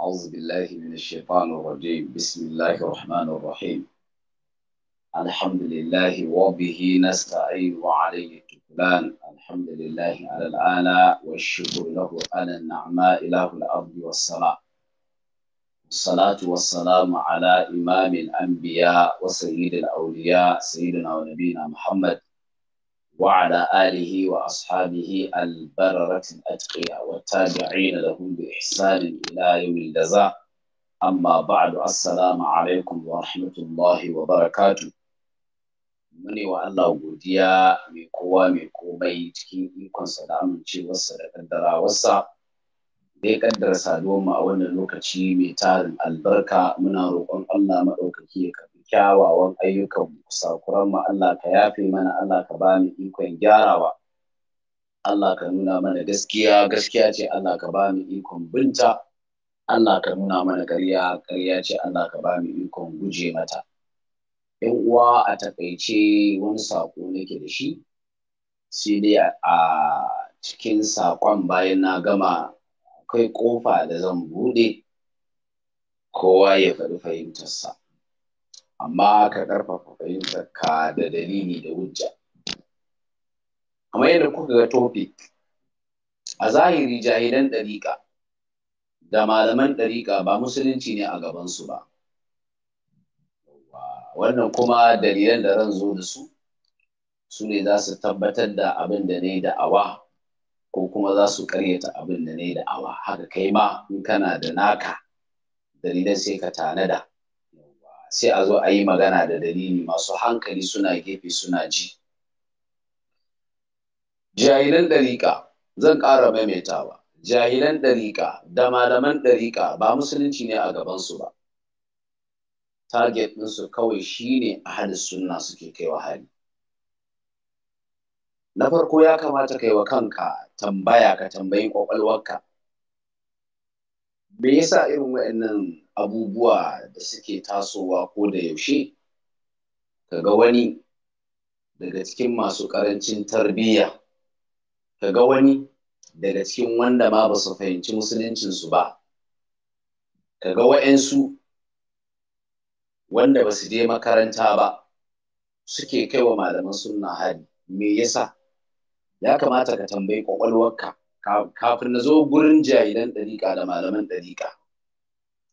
أعوذ بالله من الشيطان الرجيم بسم الله الرحمن الرحيم الحمد لله وبه نستعين وعليه التكلان الحمد لله على الآلاء والشكر له على النعماء له الأرض والصلاة الصلاة والسلام على إمام الأنبياء وسيد الأولياء سيدنا ونبينا محمد وعلى آله وأصحابه البررة الأتقياء والتابعين لهم بإحسان إلى يوم الجزاء أما بعد السلام عليكم ورحمة الله وبركاته mune wa Allah godiya mai kowa mai komai cikin ikonsa da amincewarsa da ƙaddarawarsa. zai kaddara saduwar mu a wannan lokaci mai tarin albarka muna roƙon Allah maɗaukaki ya kyawawan ayyukan sakuran mu Allah ka yafe mana Allah ka bani ikon gyarawa Allah ka nuna mana gaskiya gaskiya ce Allah ka bani ikon binta Allah ka nuna mana ƙarya ƙarya ce Allah ka bani ikon guje mata ɗan uwa a takaice wani sako nake da shi sai dai a cikin sakon bayan na gama akwai kofa da zan buɗe kowa ya faɗi fahimtarsa amma ka karfafa fahimtar ka da dalili da hujja kamar yadda kuka ga topic a zahiri jahilan ɗariƙa da malaman ɗariƙa ba musulunci ne a gabansu ba wannan kuma dalilan da zan zo da su su ne za su tabbatar da abin da ne da awa ko kuma za su karyata abin da ne da awa haka kai ma in kana da naka dalilan sai ka tanada sai a zo a yi magana da dalili masu hankali suna gefe suna ji jahilan ɗariƙa zan ƙara maimaitawa jahilan ɗariƙa da malaman ɗariƙa ba musulunci ne a gabansu ba target ɗinsu kawai shi ne a hadis sunna suke kai wa hali na farko ya kamata kai wa kanka tambaya ka tambayi ƙwaƙwalwarka me yasa irin waɗannan abubuwa da suke tasowa ko da yaushe kaga wani daga cikin masu ƙarancin tarbiyya kaga wani daga cikin wanda ma ba su fahimci musuluncinsu ba kaga wa'yansu wanda ba su je makaranta ba suke kai wa malaman sunna hari me yasa ya kamata ka tambayi kwakwalwarka kafin na zo gurin jahilan ɗariƙa da malaman ɗariƙa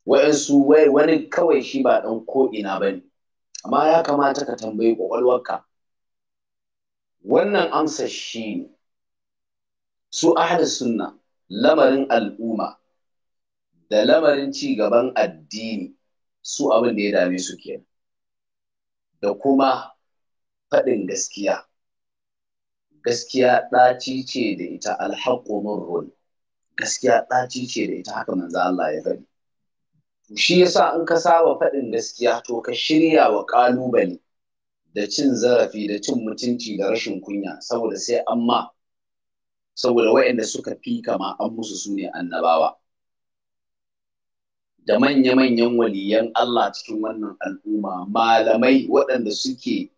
wa'yansu wani kawai shi ba ɗan ko'ina ba ne amma ya kamata ka tambayi ƙwaƙwalwarka wannan amsar shi ne su ahli sunna lamarin al'umma da lamarin ci gaban addini su abin da ya dame su ke da kuma faɗin gaskiya gaskiya ɗaci ce da ita alhaƙo murrun gaskiya ɗaci ce da ita haka manzo Allah ya faɗi shi yasa in ka saba faɗin gaskiya to ka shirya wa ƙalubale da cin zarafi da cin mutunci da rashin kunya saboda sai an saboda waɗanda suka fi kama an musu su ne annabawa da manya-manyan waliyan Allah cikin wannan al'umma malamai waɗanda suke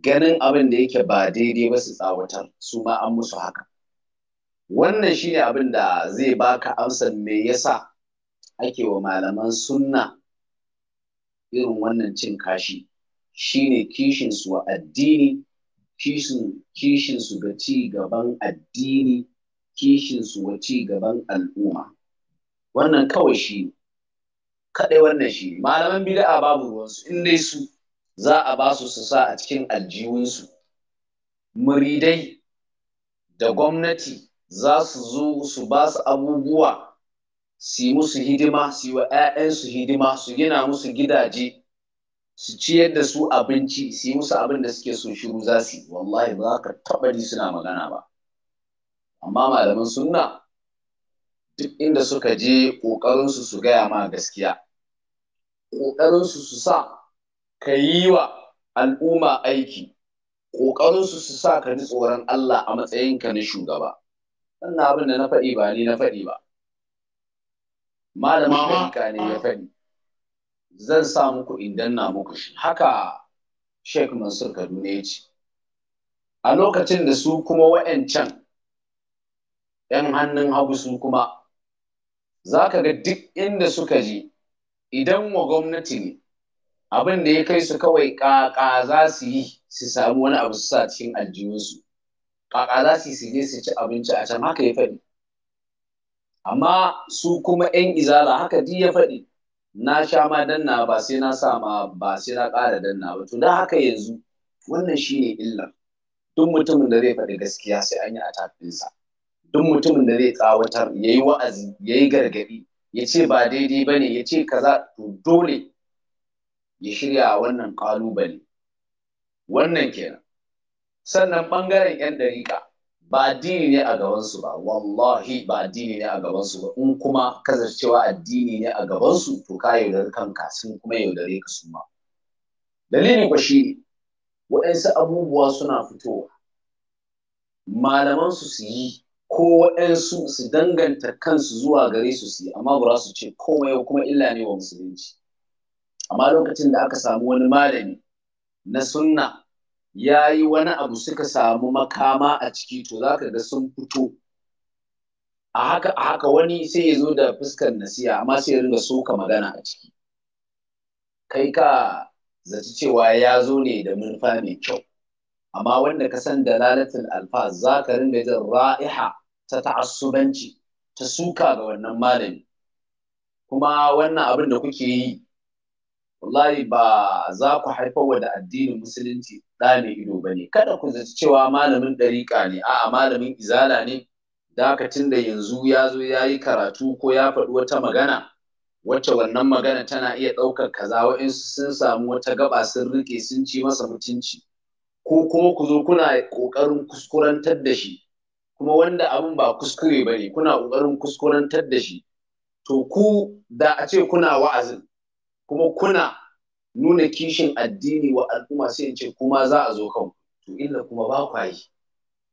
ganin abin da yake ba daidai ba su tsawatar su ma an musu haka wannan shi ne abin da zai baka amsar me yasa ake wa malaman sunna irin wannan cin kashi shine kishinsu wa addini kishinsu ga ci gaban addini kishinsu wa ci gaban al'umma wannan kawai shi kaɗai wannan shi malaman bida'a babu ruwansu in dai su za a ba su su sa a cikin aljihunsu muridai da gwamnati za su zo su ba su abubuwa su yi musu hidima su yi wa 'ya'yansu hidima su gina musu gidaje su ciyar da su abinci su yi musu abin da suke so shiru za su yi wallahi ba ka taɓa ji suna magana ba amma malaman sunna duk inda suka je ƙoƙarinsu su gaya ma gaskiya ƙoƙarinsu su sa ka yi wa al'umma aiki ƙoƙarinsu su sa ka ji tsoron Allah a matsayinka na shugaba wannan abin da na faɗi ba ni na faɗi ba malamin tarika ne ya faɗi zan sa muku in danna muku shi haka Sheikh Mansur Kaduna ya ce a lokacin da su kuma wa'ancan 'yan hannun hagu su kuma za ka ga duk inda suka je idan wa gwamnati ne abin da ya kai su kawai ƙaƙa za su yi su samu wani abu su sa cikin aljihunsu ƙaƙa za su yi su je su ci abinci a can haka ya faɗi amma su kuma 'yan izala haka di ya faɗi na sha ma danna ba sai na sa ma ba sai na ƙara danna ba to da haka yanzu wannan shi ne illar duk mutumin da zai faɗi gaskiya sai an yi a tafinsa duk mutumin da zai tsawatar ya yi wa'azi ya yi gargaɗi ya ce ba daidai ba ne ya ce kaza to dole ya shirya wannan ƙalubale wannan kenan sannan ɓangaren 'yan dariƙa. ba addini ne a gabansu ba wallahi ba addini ne a gabansu ba in kuma cewa addini ne a gabansu to ka yaudari kanka sun kuma yaudare ka suma. dalili dalilin ba shi waɗansu abubuwa suna fitowa malamansu su yi ko waɗansu su danganta kansu zuwa gare su su yi amma ba su ce komai kuma illa ne wa musulunci amma lokacin da aka samu wani malami na sunna ya yi wani abu suka samu makama a ciki to za ka ga sun fito a haka a haka wani sai ya zo da fuskar nasiya amma sai ya ringa soka magana a ciki kai ka zaci cewa ya zo ne da manufa mai kyau amma wanda ka san da dalalatul alfa za ka ringa jin ra'iha ta ta'assubanci ta suka ga wannan malami kuma wannan abin da kuke yi wallahi ba za ku haifar da addinin musulunci ɗa mai ido ba ne kada ku zaci cewa malamin ɗariƙa ne a'a malamin izala ne dakacin da yanzu ya zo ya yi karatu ko ya faɗi wata magana wacce wannan magana tana iya ɗaukar kaza wa'insu sun samu wata gaba sun rike sun ci masa mutunci ko kuma ku zo kuna ƙoƙarin kuskurantar da shi kuma wanda abin ba kuskure ba ne kuna ƙoƙarin kuskurantar da shi to ku da a ce kuna wa'azin kuma kuna nuna kishin addini wa al'umma sai in ce kuma za a zo kan to illa kuma ba kwa yi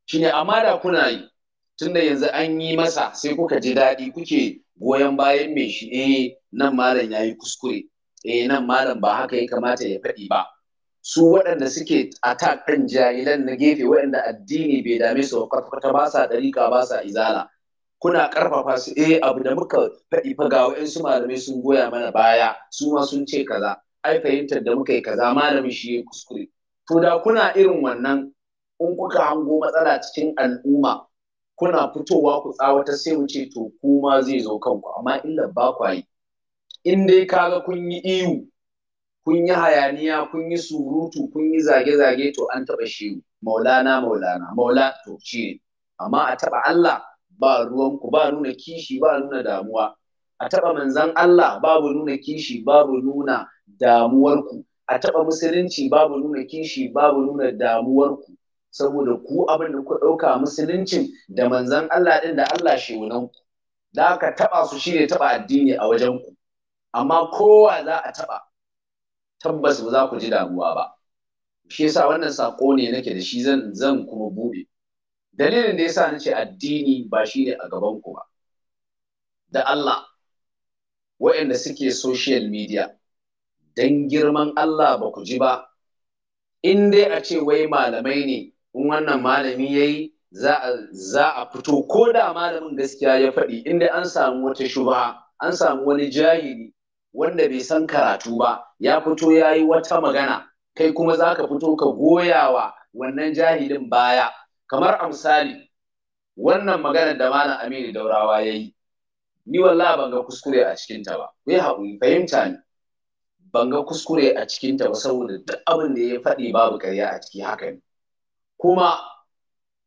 shine amma da kuna yi tunda yanzu an yi masa sai kuka ji daɗi kuke goyon bayan mai shi eh nan malam yayi kuskure eh nan malam ba haka ya kamata ya faɗi ba su waɗanda suke attack ɗin jahilan na gefe waɗanda addini bai dame su kwata-kwata ba sa ɗariƙa ba sa izala kuna karfafa su eh abu da muka faɗi fa ga wa'ansu malamai sun goya mana baya su ma sun ce kaza ai fahimtar da muka yi kaza malami shi ya kuskure to da kuna irin wannan in kuka hango matsala cikin al'umma kuna fitowa ku tsawata sai mu ce to kuma zai zo kanku amma illa ba ku yi in dai kaga kun yi iyu kun yi hayaniya kun yi surutu kun yi zage-zage to an taɓa shi maulana maulana maula to shi amma a taɓa Allah ba ruwanku ba nuna kishi ba nuna damuwa a taɓa manzan Allah babu nuna kishi babu nuna damuwarku a taɓa musulunci babu nuna kishi babu nuna damuwarku saboda ku abin da ku ɗauka musuluncin da manzan Allah ɗin da Allah shehunanku da aka taɓa su shi ne taɓa addini a wajen ku. amma kowa za a taɓa tabbas ba za ku ji damuwa ba shi yasa wannan sako ne nake da shi zan zan kuma bude. dalilin da yasa nace addini ba shine a gaban ku ba da Allah waɗanda suke social media dan girman Allah ba ku ji ba in dai a ce wai malamai ne in wannan malami yayi za a fito ko da malamin gaskiya ya faɗi In dai an samu wata shuba an samu wani jahili wanda bai san karatu ba ya fito ya yi wata magana kai kuma za ka fito ka goyawa wannan jahilin baya kamar a misali wannan maganar da malam aminu daurawa ya yi ni walla ban ga kuskure a cikinta ba ku yi haƙuri fahimta ni, ban ga kuskure a cikinta ba saboda duk abin da ya faɗi babu ƙarya a ciki haka ne kuma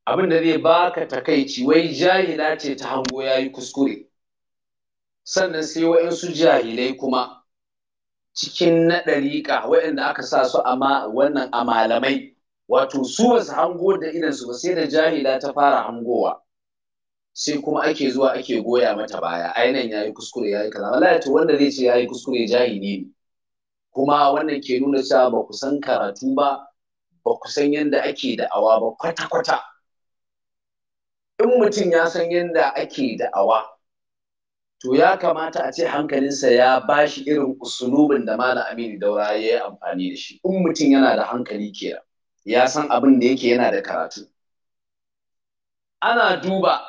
abin da zai baka takaici wai jahila ce ta hango ya yi kuskure sannan sai wa'insu jahilai kuma cikin na ɗariƙa waɗanda aka sa su a wannan a malamai wato su ba su hango da irin su ba sai da jahila ta fara hangowa sai kuma ake zuwa ake goya mata baya ainihin yayi kuskure yayi kaza wallahi to wanda zai ce yayi kuskure jahili ne kuma wannan ke nuna cewa ba ku san karatu ba ba ku san yadda ake da'awa ba kwata-kwata in mutum ya san yadda ake da'awa to ya kamata a ce hankalinsa ya bashi irin usulubin da Malam Aminu Daura ya yi amfani da shi in mutum yana da hankali kenan ya san abin da yake yana da karatu ana duba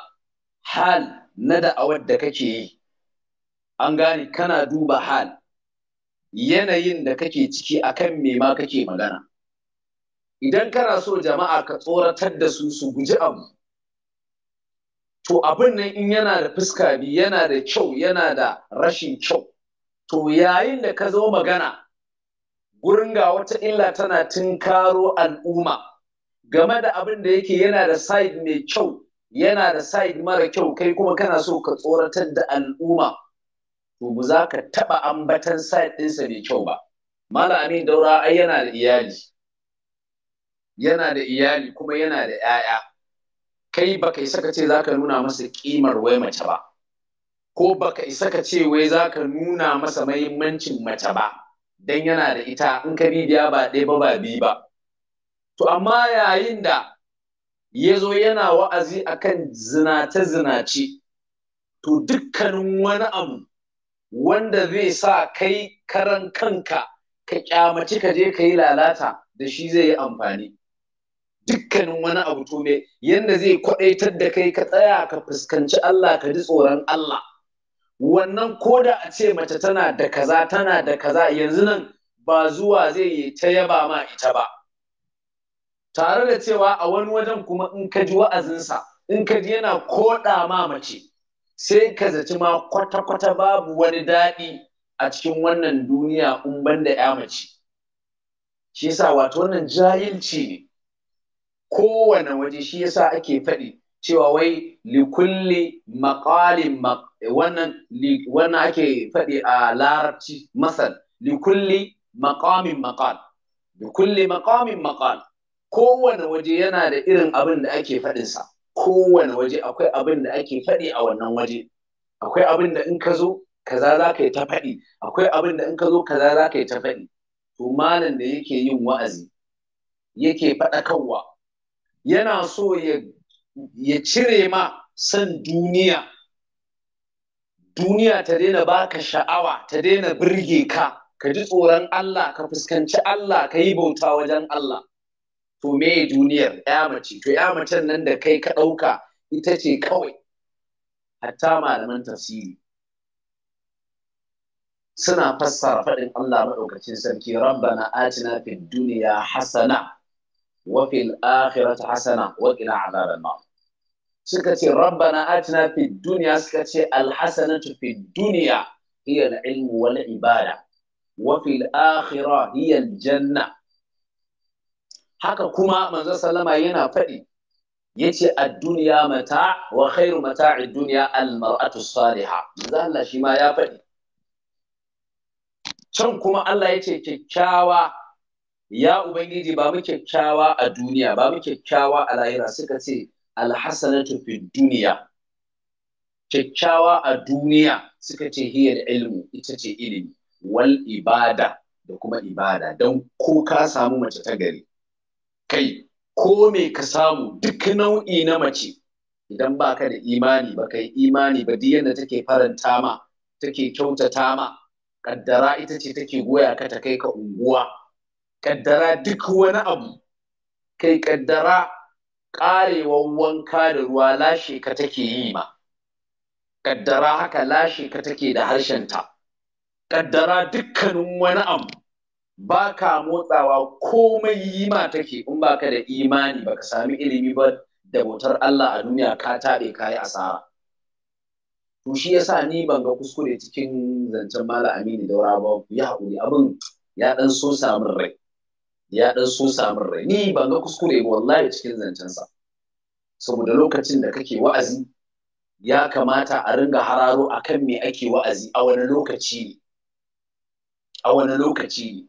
hal na da'awar da kake yi an gane kana duba hal yanayin da kake ciki akan me ma kake magana idan kana so jama'a ka tsoratar da su su guji abu to abin nan in yana da fuska biyu yana da kyau yana da rashin kyau to yayin da ka zo magana gurin ga wata illa tana tinkaro al'umma game da abin da yake yana da side mai kyau yana da side mara kyau kai kuma kana so ka tsoratar da al'umma to mu za ka taɓa ambatan said ɗinsa mai kyau ba mala amin daura ai yana da iyali yana da iyali kuma yana da 'ya'ya kai baka isa ka ce za ka nuna masa ƙimar wai mace ba ko baka isa ka ce wai za ka nuna masa mahimmancin mace ba dan yana da ita in ka bibiya ba ɗaya ba ba biyu ba to amma yayin da ya zo yana wa'azi akan zinace zinace to dukkanin wani abu wanda zai sa kai karan kanka ka kyamaci ka je ka yi lalata da shi zai yi amfani dukkanin wani abu to me yanda zai kwaɗaitar da kai ka tsaya ka fuskanci Allah ka ji tsoron Allah wannan koda a ce mace tana da kaza tana da kaza yanzu nan ba zuwa zai yi ta yaba ma ita ba tare da cewa a wani wajen kuma in ka ji wa'azinsa in ka ji yana koɗa ma mace sai ka zaci ma kwata-kwata babu wani daɗi a cikin wannan duniya in banda ya mace shi yasa wato wannan jahilci ne kowane waje shi yasa ake faɗi cewa wai likulli maƙalin maƙalin Eh, wannan wannan ake faɗi a larabci masal li kulli maqamin maqal li kulli maqamin maqal kowane waje yana da irin abin da ake faɗinsa kowane waje akwai abin da ake faɗi a wannan waje akwai abin da in ka zo kaza za ka yi ta faɗi akwai abin da in ka zo kaza za ka yi ta faɗi to malam da yake yin wa'azi yake faɗakarwa yana so ya cire ma san duniya duniya ta daina baka sha'awa ta daina birge ka ka ji tsoron Allah ka fuskanci Allah ka yi bauta wajen Allah to me duniyar ya mace to ya macen nan da kai ka ɗauka ita ce kawai hatta malaman tafsiri suna fassara faɗin Allah maɗaukacin sarki rabbana atina fid duniya hasana wa fil akhirati hasana wa qina adhaban nar suka ce rabbana atina fi duniya suka ce alhasanatu fid dunya hiya ilmu wal ibada wa fil akhirah hiya janna haka kuma manzo sallama yana faɗi yace ad-dunya mata wa khairu mata'i dunya al-mar'atu salihah manzo Allah shi ma ya faɗi can kuma Allah yace kyakkyawa ya ubangiji ba mu kyakkyawa a duniya ba mu kyakkyawa a lahira suka ce alhasanatu fi duniya kyakkyawa a duniya suka ce hiyar ilmu ita ce ilimi wal ibada da kuma ibada don ko ka samu mace ta gari kai ko me ka samu duk nau'i na mace idan ba ka da imani ba kai imani ba duk yadda take faranta ma take kyautata ma kaddara ita ce take goya ka ta kai ka unguwa kaddara duk wani abu kai kaddara ƙarewar wanka da ruwa lashe ka take yi ma ƙaddara haka lashe ka take da harshen ta. ƙaddara dukkanin wani abu ba ka motsawa komai yi ma take in ba ka da imani ba ka sami ilimi ba da bautar Allah a duniya ka taɓe ka yi asara to shi sa ni ban ga kuskure cikin zancen Malam Aminu da ba ya haƙuri abin ya ɗan so samun rai ya ɗan so samun rai ni ba ga kuskure ba wallahi cikin zancensa saboda lokacin da kake wa'azi ya kamata a ringa hararo akan me ake wa'azi a wani lokaci ne a wani lokaci ne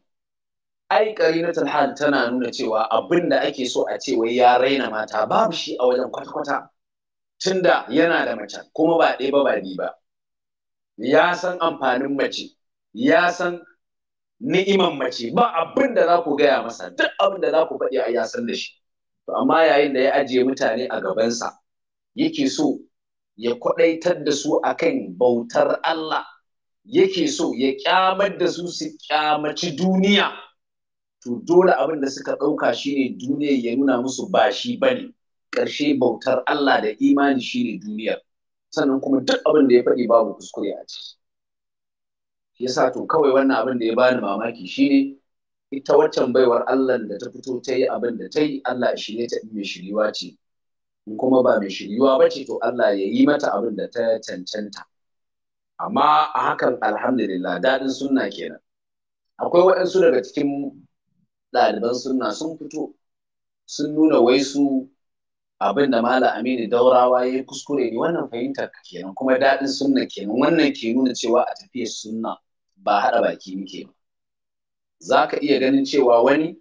ai na hal tana nuna cewa abin da ake so a ce wai ya raina mata babu shi a wajen kwata-kwata tunda yana da mace kuma ba ɗaya ba ba ba ya san amfanin mace ya san ni'iman mace ba abin da za ku gaya masa duk abin da za ku faɗi a yasan da shi to amma yayin da ya ajiye mutane a gabansa yake so ya kwaɗaitar da su akan bautar Allah yake so ya kyamar da su su kyamaci duniya to dole abin da suka ɗauka shine duniya ya nuna musu ba shi bane ƙarshe bautar Allah da imani shine duniyar sannan kuma duk abin da ya faɗi babu kuskure a ciki yasa to kawai wannan abin da ya bani mamaki shine ita waccan baiwar Allah da ta fito ta yi abin da ta yi Allah shirye ta mai shiriwa ce in kuma ba mai shiriwa ba ce to Allah ya yi mata abin da ta cancanta amma a hakan alhamdulillah daɗin sunna kenan akwai waɗansu daga cikin ɗaliban sunna sun fito sun nuna wai su abin da mala aminu daurawa ya kuskure ne wannan fahimtar kenan kuma daɗin sunna kenan wannan ke nuna cewa a tafiyar sunna ba haɗa baki muke ba za ka iya ganin cewa wani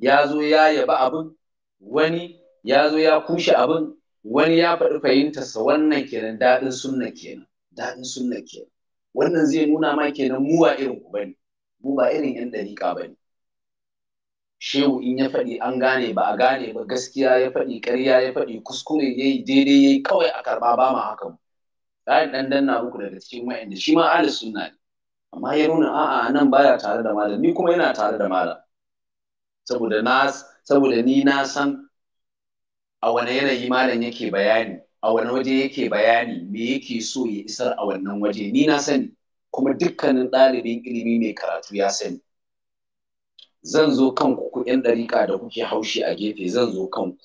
ya zo ya yaba abin wani ya zo ya kushe abin wani ya faɗi fahimtarsa wannan kenan daɗin sunna kenan daɗin sunna kenan wannan zai nuna ma kenan mu ba irin ku bane mu ba irin yan dariƙa bane shehu in ya faɗi an gane ba a gane ba gaskiya ya faɗi ƙarya ya faɗi kuskure ya yi daidai ya yi kawai a karɓa ba ma haka mu ɗan danna muku daga cikin wa'anda shi ma alis sunna ne amma ya nuna a'a nan baya tare da malam ni kuma yana tare da malam saboda na saboda ni na san a wane yanayi malam yake bayani a wane waje yake bayani me yake so ya isar a wannan waje ni na sani kuma dukkanin ɗalibin ilimi mai karatu ya sani zan zo kanku ku ɗariƙa da kuke haushi a gefe zan zo kanku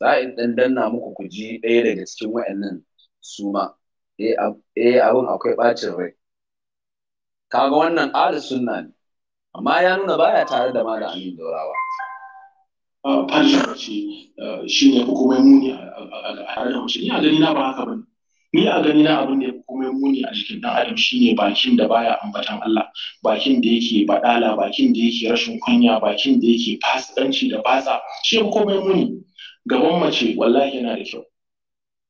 za in ɗan danna muku ku ji ɗaya daga cikin waɗannan su ma eh, eh abin akwai ɓacin rai kaga wannan ahli sunna ne amma ya nuna baya tare da malam Aminu Daurawa ah, fashi ah, shi ne hukumai muni a tare da ni a gani na ba haka ba ni a gani na abin da ya muni a jikin dan adam shine bakin da baya ambatan Allah bakin da yake badala bakin da yake rashin kunya bakin da yake fasikanci da batsa shi ya muni gaban mace wallahi yana da kyau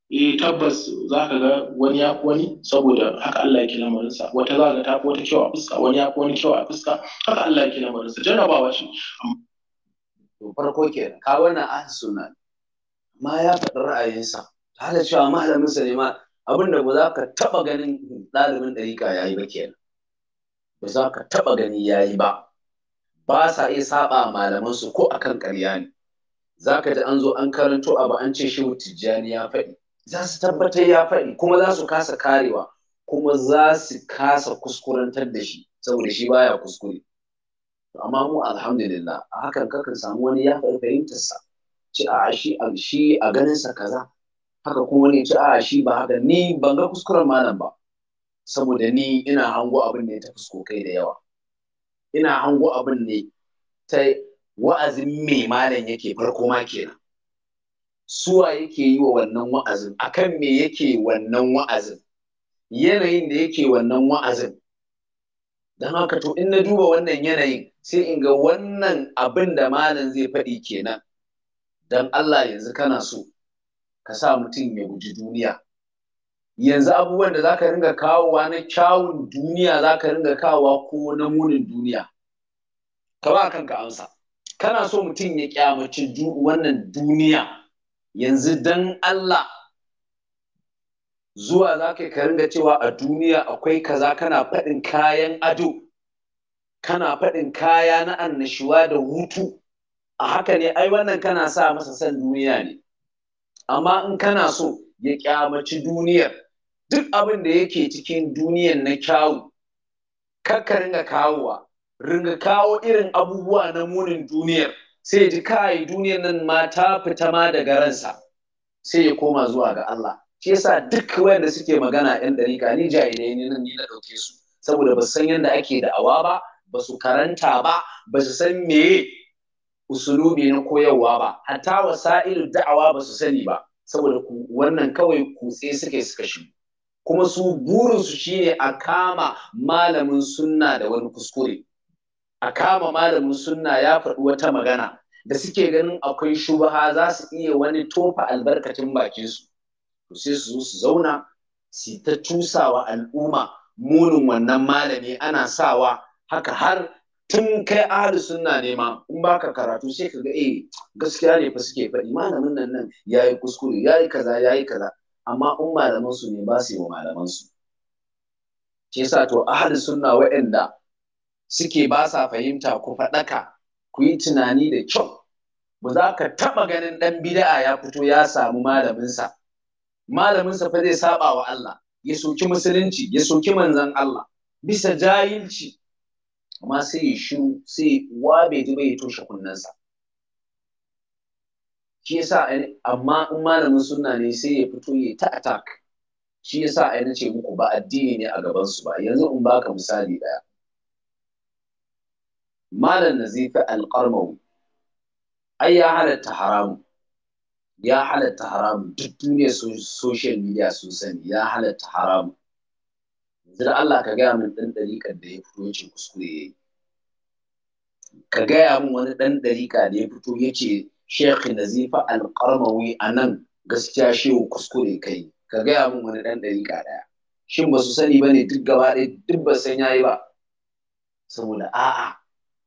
E, tabbas za ka ga wani ya wani saboda haka Allah yake lamarinsa wata za ka tafi wata kyau a fuska wani ya wani kyau a fuska haka Allah yake lamarinsa jarrabawa shi. to farko ke ka wannan an suna ma ya faɗi ra'ayinsa ta da cewa malaminsa ne ma abinda ba za ka taɓa ganin ɗalibin ɗariƙa ya yi ba ke ba za ka taɓa gani ya yi ba ba sa iya saɓa malamansu ko akan ƙarya ne za ka ji an zo an karanto abu an ce shehu tijjani ya faɗi za su tabbatar ya faɗi kuma za su kasa karewa kuma za su kasa kuskurantar da shi saboda shi baya kuskure amma mu alhamdulillah a hakan kakan samu wani ya fahimtar sa ci a shi a shi a ganin sa kaza haka kuma ne ci a shi ba haka ni ban ga kuskuren malam ba saboda ni ina hango abin ne ta kai da yawa ina hango abin ne ta wa'azin mai malam yake farko ma kenan suwa yake yi wa wannan wa'azin akan me yake wannan wa'azin yanayin da yake wannan wa'azin don haka to in na duba wannan yanayin sai in ga wannan abin da malam zai faɗi kenan don Allah yanzu kana so ka sa mutum ya guji duniya yanzu abubuwan da zaka ringa kawowa na kyawun duniya zaka ringa kawowa ko na munin duniya ka ba kanka amsa kana so mutum ya kyamaci wannan duniya yanzu dan Allah zuwa za ka karin ringa cewa a duniya akwai kaza kana faɗin kayan ado kana faɗin kaya na annashuwa da hutu a haka ne ai wannan kana sa masa san duniya ne amma in kana so ya kyamaci duniyar duk abin da yake cikin duniyar na kyawu kakka ringa kawowa ringa kawo irin abubuwa na munin duniyar sai ji kai duniyar nan ma ta fita ma daga ransa sai ya koma zuwa ga Allah shi yasa duk wanda suke magana yan dariƙa ni jahilai ne nan ni na dauke su saboda ba san yadda ake da'awa ba ba su karanta ba ba su san me usulubi na koyarwa ba hatta wasa'il da'awa ba su sani ba saboda wannan kawai kutse suke suka shi kuma su burinsu shine a kama malamin sunna da wani kuskure a kama malamin sunna ya faɗi wata magana da suke ganin akwai shubaha za su iya wani tofa albarkacin bakinsu to sai su zo su zauna su ta tusawa al'umma munin wannan malami ana sawa haka har tun kai ahli sunna ne ma in baka karatu sai ka ga eh gaskiya ne fa suke faɗi malamin nan nan yayi kuskure yayi kaza yayi kaza amma in malaman su ne ba su yi wa malaman su shi yasa to ahli sunna waɗanda suke ba sa fahimta ku faɗaka ku yi tunani da kyau ba za ka taɓa ganin ɗan bida'a ya fito ya samu malaminsa malaminsa fa zai saɓa wa Allah ya soki musulunci ya soki manzan Allah bisa jahilci amma sai ya shiru sai wa bai ji bai toshe kunnensa shi yasa amma in malamin sunna ne sai ya fito ya ta attack shi yasa ai nace muku ba addini ne a gabansu ba yanzu in baka misali ɗaya. malam nazifi alƙarmawi ai ya halatta haramu ya halatta haramu duk duniya social media sun sani ya halatta haramu yanzu da Allah ka gaya min ɗan ɗariƙar da ya fito yace kuskure ya yi ka gaya min wani ɗan ɗariƙa da ya fito yace Sheikh Nazifa Alƙarmawi a nan gaskiya shehu kuskure kai ka gaya min wani ɗan ɗariƙa ɗaya shin ba su sani ba ne duk gaba ɗaya duk ba san yayi ba saboda a'a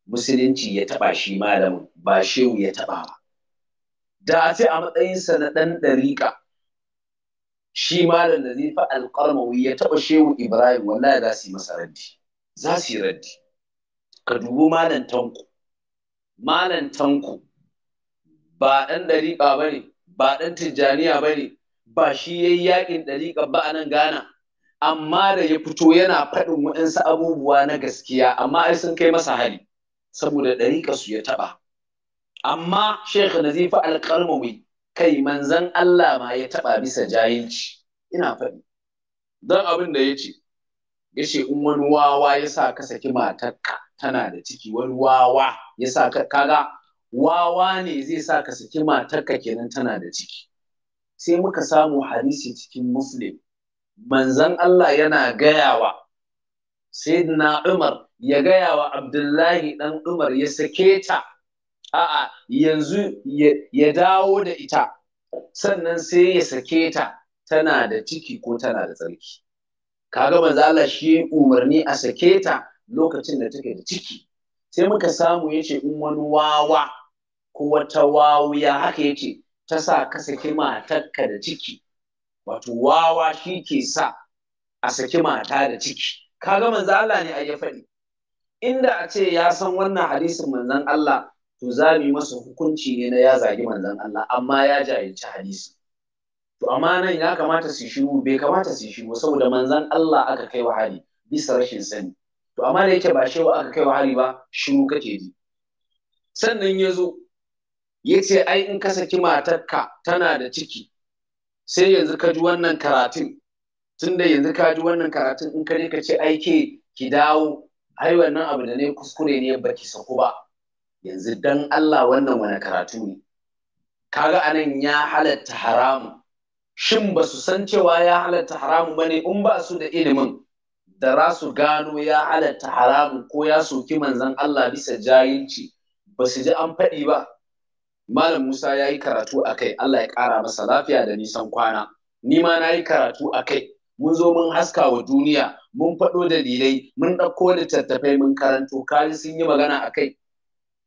musulunci ya taɓa shi malamin ba shehu ya taɓa ba da a ce a matsayinsa na ɗan ɗariƙa shi malam da zai alƙarmawi ya taɓa shehu ibrahim wallahi za su yi masa raddi za su yi raddi ka dubi malam tanko malam tanko ba ɗan ɗariƙa ba ne ba ɗan tijjaniya ba ne ba shi ya yi yaƙin ɗariƙa ba a nan ghana amma da ya fito yana faɗin waɗansu abubuwa na gaskiya amma ai sun kai masa hali saboda ɗariƙa su ya taɓa amma Sheikh Nazifa Alƙalmawi kai manzan Allah ma ya taɓa bisa jahilci ina faɗi don abin da ya ce ya ce in wani wawa ya sa ka saki matarka tana da ciki wani wawa ya sa ka kaga wawa ne zai sa ka saki matarka kenan tana da ciki sai muka samu hadisi cikin muslim manzan Allah yana gayawa sayyidina Umar ya gaya wa Abdullahi ɗan Umar ya sake ta a'a yanzu ya dawo da ita sannan sai ya sake ta tana da ciki ko tana da tsarki kaga manzo Allah shi umarni a sake ta lokacin da take da ciki sai muka samu ya ce in wani wawa ko wata wawuya haka yace ta sa ka saki matarka da ciki wato wawa shi ke sa a saki mata da ciki kaga manzo Allah ne a ya faɗi inda a ce ya san wannan hadisin manzon Allah to za yi masa hukunci ne na ya zagi manzon Allah amma ya jahilci hadisi to amma nan ya kamata su shiru bai kamata su shiru saboda manzon Allah aka kai wa hari bisa rashin sani to amma da yake ba shewa aka kai wa hari ba shiru kake ji sannan ya zo ya ce ai in ka saki matarka tana da ciki sai yanzu ka ji wannan karatun tun da yanzu ka ji wannan karatun in ka ne ka ce aike ki dawo ai wannan abu da ne kuskure ne baki sako ba yanzu dan Allah wannan wani karatu ne kaga anan ya halatta haramu shin ba su san cewa ya halatta haramu bane in ba su da ilimin da za su gano ya halatta haramu ko ya soki manzon Allah bisa jahilci ba su ji an faɗi ba Malam Musa ya yi karatu a kai, Allah ya ƙara masa lafiya da nisan kwana. Ni ma na yi karatu a kai, mun zo mun haska wa duniya mun faɗo dalilai mun ɗauko littattafai mun karanto kaji sun yi magana a kai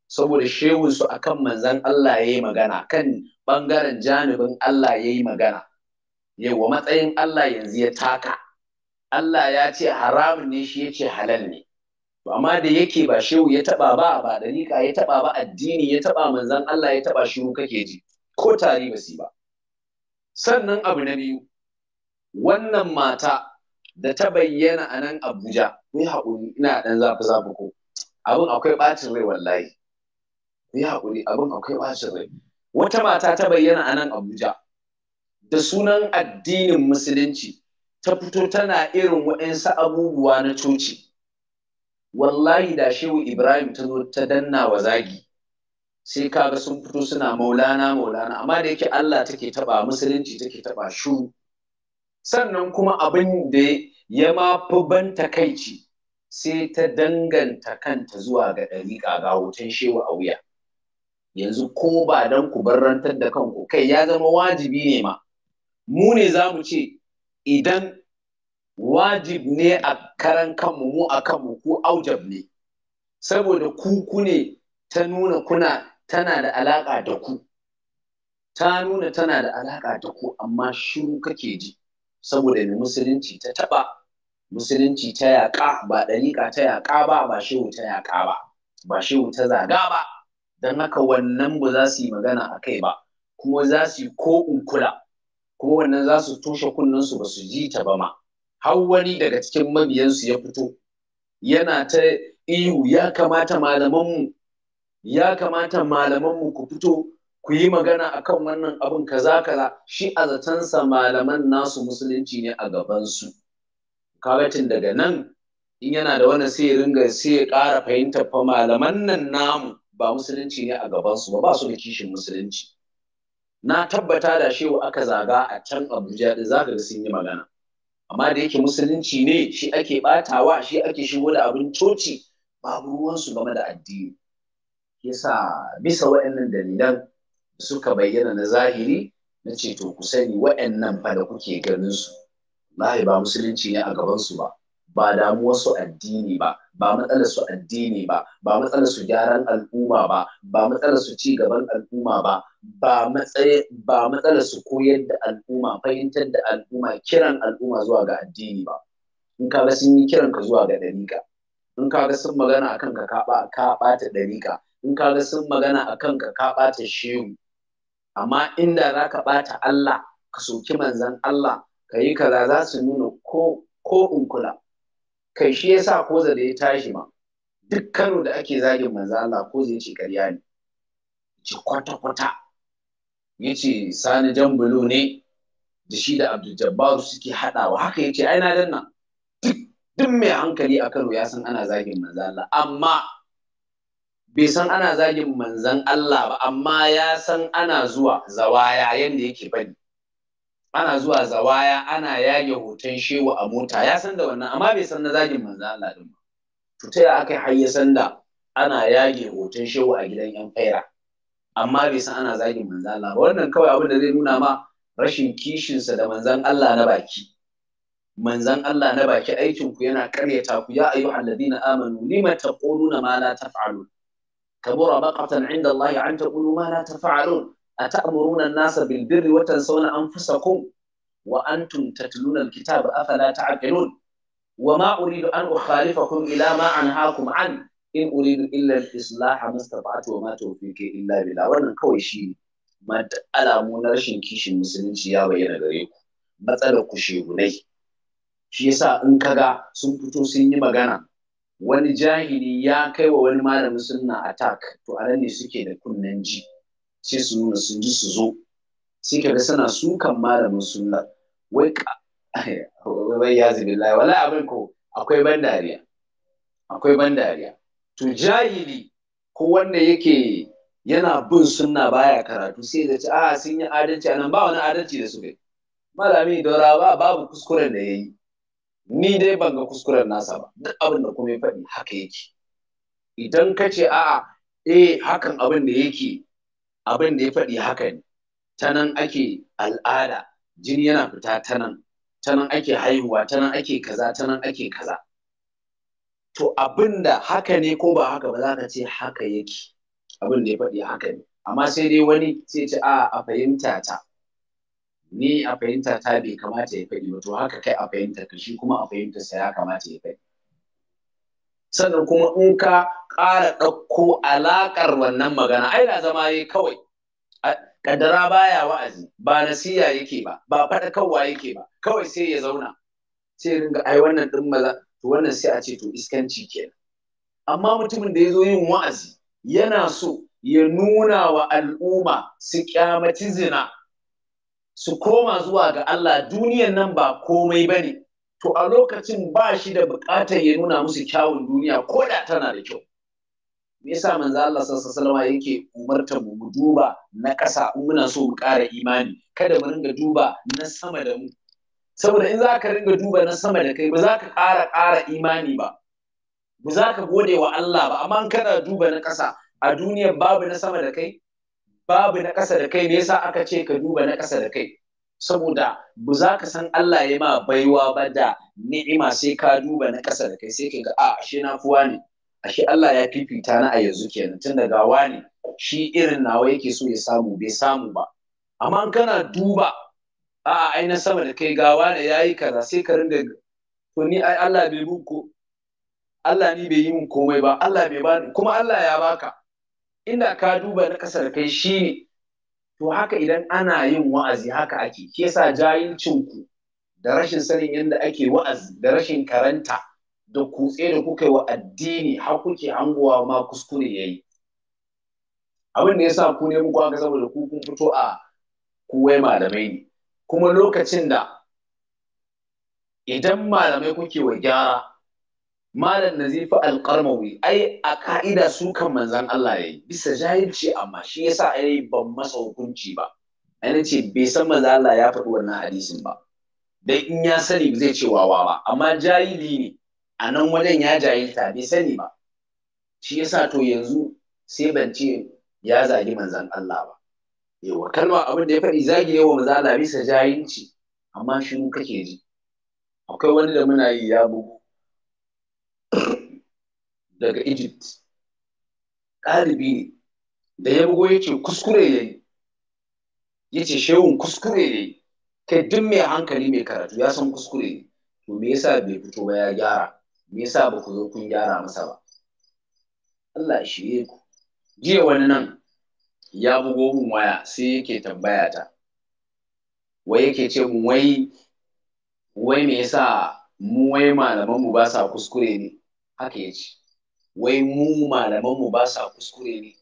saboda shehunsu a kan manzan Allah ya yi magana kan ɓangaren janibin Allah ya yi magana yawa matsayin Allah yanzu ya taka Allah ya ce haramun ne shi ya ce halal ne amma da yake ba shehu ya taɓa ba ba dalika ya taɓa ba addini ya taɓa manzan Allah ya taɓa shehu kake ji ko tari ba ba sannan abu na biyu wannan mata da ta bayyana a nan Abuja, ni haƙuri ina ɗan zafi zafi ko abin akwai ɓacin rai wallahi. Ni haƙuri abin akwai ɓacin rai. Wata mata ta bayyana a nan Abuja da sunan addinin Musulunci ta fito tana irin waɗansu abubuwa na coci. Wallahi da Shehu Ibrahim ta zo ta danna wa zagi. sai kaga sun fito suna maulana maulana amma da yake Allah take taba musulunci take taɓa shu sannan kuma abin da ya ma fi ban takaici sai ta danganta kanta zuwa ga ɗariƙa ga hoton shewa a wuya yanzu ko ba don ku barrantar da kanku kai ya zama wajibi ne ma mu ne za mu ce idan wajib ne a karan kanmu mu a kanmu ko aujab ne saboda ku ku ne ta nuna kuna tana da alaƙa da ku ta nuna tana da alaƙa da ku amma shiru kake ji saboda mai musulunci ta taɓa musulunci ta yaƙa ba ɗariƙa ta yaƙa ba ba shehu ta yaƙa ba ba shehu ta zaga ba don haka wannan ba za su yi magana a kai ba kuma za su yi ko kula kuma wannan za su toshe kunnensu ba su ji ta ba ma har wani daga cikin mabiyansu ya fito yana ta ihu ya kamata malamanmu ya kamata malamanmu ku fito ku yi magana a kan wannan abin kaza kaza shi a zatansa malaman nasu musulunci ne a gabansu kagacin daga nan in yana da wani sai ringa sai ya ƙara fahimtar fa malaman nan namu ba musulunci ne a gabansu ba ba su da kishin musulunci na tabbata da wa aka zaga a can abuja da za ga sun yi magana amma da yake musulunci ne shi ake batawa shi ake shigo da abin coci babu ruwansu game da addini yasa bisa waɗannan dalilan suka bayyana na zahiri na ce to ku sani waɗannan fa da kuke ganin su lahi ba musulunci ne a gaban su ba ba damuwar su addini ba ba matsalar su addini ba ba matsalar su gyaran al'umma ba ba matsalar su ci gaban al'umma ba ba ba matsalar su koyar da al'umma fahimtar da al'umma kiran al'umma zuwa ga addini ba in kaga sun yi kiran ka zuwa ga dariƙa in kaga sun magana akan ka ka ɓata dariƙa in kaga sun magana akan ka ka ɓata shehu amma inda za ka ɓata Allah ka soki manzan Allah ka yi kaza za su nuna ko ko in kula kai shi ya sa ko da ya tashi ma duk Kano da ake zagin manzan Allah ko zai ce ƙarya ne ci kwata kwata Ya ce sani jan bulo ne da shi da Abdul jabbaru suke haɗawa haka ya yace ai na danna duk mai hankali a Kano ya san ana zagin manzan Allah amma bai san ana zagin manzan Allah ba amma ya san ana zuwa zawaya yadda yake bari ana zuwa zawaya ana yage hoton shewa a mota ya san da wannan amma bai san na zagin manzan Allah din ba to ta aka har ya san da ana yage hoton shewa a gidan yan faira amma bai san ana zagin manzan Allah ba wannan kawai abin da zai nuna ma rashin kishinsa da manzan Allah na baki manzan Allah na baki aikinku yana karyata ku ya ayyuhal ladina amanu lima taquluna ma la taf'alun كبر مقتا عند الله أن تقولوا ما لا تفعلون أتأمرون الناس بالبر وتنسون أنفسكم وأنتم تتلون الكتاب أفلا تعقلون وما أريد أن أخالفكم إلى ما أنهاكم عنه in uridu illar islaha islah mastafa'tu wa ma tawfiqi illa billah wannan kawai shi alamu na rashin kishin musulunci ya bayyana gare ku matsalar ku shegunai shi yasa in kaga sun fito sun yi magana wani jahili ya kai wa wani malamin sunna attack to a nan ne suke da kunnen ji sai su nuna sun ji su zo sai kaga suna sukan malamin sunna wai wai ya lai wala abin ko akwai ban dariya akwai ban dariya to jahili ko wanda yake yana bin sunna baya karatu sai ya ce a ah, sun yi adalci anan ba wani adalci da su kai malami dora ba babu kuskuren da yayi ni dai ban ga kuskuren nasa ba duk abin da kuma ya faɗi haka yake idan ka ce a'a eh hakan abin da yake abin da ya faɗi haka ne ta nan ake al'ada jini yana fita ta nan ta nan ake haihuwa ta nan ake kaza ta nan ake kaza to abin da haka ne ko ba haka ba za ka ce haka yake abin da ya faɗi haka ne amma sai dai wani sai ce a a fahimta ta ni a fahimta ta bai kamata ya faɗi ba to haka kai a fahimta ka shi kuma a fahimta sa ya kamata ya faɗi sannan kuma in ka ƙara ɗauko alaƙar wannan magana ai da zama ne kawai kadara baya wa'azi ba nasiya yake ba ba faɗakarwa yake ba kawai sai ya zauna sai ringa ai wannan ɗin maza to wannan sai a ce to iskanci kenan amma mutumin da ya zo yin wa'azi yana so ya nuna wa al'umma su kyamaci zina su koma zuwa ga Allah duniyan nan ba komai ba ne, to a lokacin ba shi da buƙatar ya nuna musu kyawun duniya ko da tana da kyau. Me yasa manzo Allah sallallahu alaihi yake umarta mu mu duba na ƙasa muna so mu ƙara imani, kada mu ringa duba na sama da mu. Saboda in za ka ringa duba na sama da kai ba za ka ƙara ƙara imani ba. Ba za ka gode wa Allah ba, amma kana duba na ƙasa a duniyar babu na sama da kai, babu na ƙasa da kai ne yasa aka ce ka duba na ƙasa da kai saboda bu za ka san Allah ya ma baiwa ba da ni'ima sai ka duba na ƙasa da kai sai ka ga a ashe na fuwa ne ashe Allah ya fifita na a yanzu kenan tun daga gawa ne shi irin nawa yake so ya samu bai samu ba amma kana duba a ai sama da kai gawa ne yayi kaza sai ka rinda to ni ai Allah bai bai yi mun komai ba Allah bai bani kuma Allah ya baka inda ka duba na kasar kai shi ne to haka idan ana yin wa'azi haka ake ke sa ja-yin-cin-ku da rashin sanin yadda ake wa'azi da rashin karanta da kutse da kuka yi wa addini har kuke hangowa ma kuskure ya yi abin da ya sa ku ne muku haka saboda ku kun fito a kuwai malamai ne kuma lokacin da idan malamai kuke wa gyara malam nazifa alƙarmawi ai a ka'ida su kan manzan Allah ya yi bisa jahilci amma shi sa ai ban masa hukunci ba ai ce bai san manzan Allah ya faɗi wannan hadisin ba dan in ya sani zai ce wawa ba amma jahili ne a nan wajen ya jahilta bai sani ba shi sa to yanzu sai ban ce ya zagi manzan Allah ba yawa kalma abin da ya faɗi zagi yawa manzan Allah bisa jahilci amma shi shiru kake ji akwai wani da muna yi ya bugu daga Egypt ƙalibi ne da ya bugo ya ce kuskure ya yi ya ce shehun kuskure ya yi kai duk mai hankali mai karatu ya san kuskure ne to me yasa bai fito ba ya gyara me yasa ba ku zo kun gyara masa ba Allah ya yi ku jiya wani nan ya bugo mun waya sai yake tambaya ta wai yake ce mun wai wai me yasa mu wai malaman mu ba sa kuskure ne haka ya ce wai mu malaman ba sa kuskure ne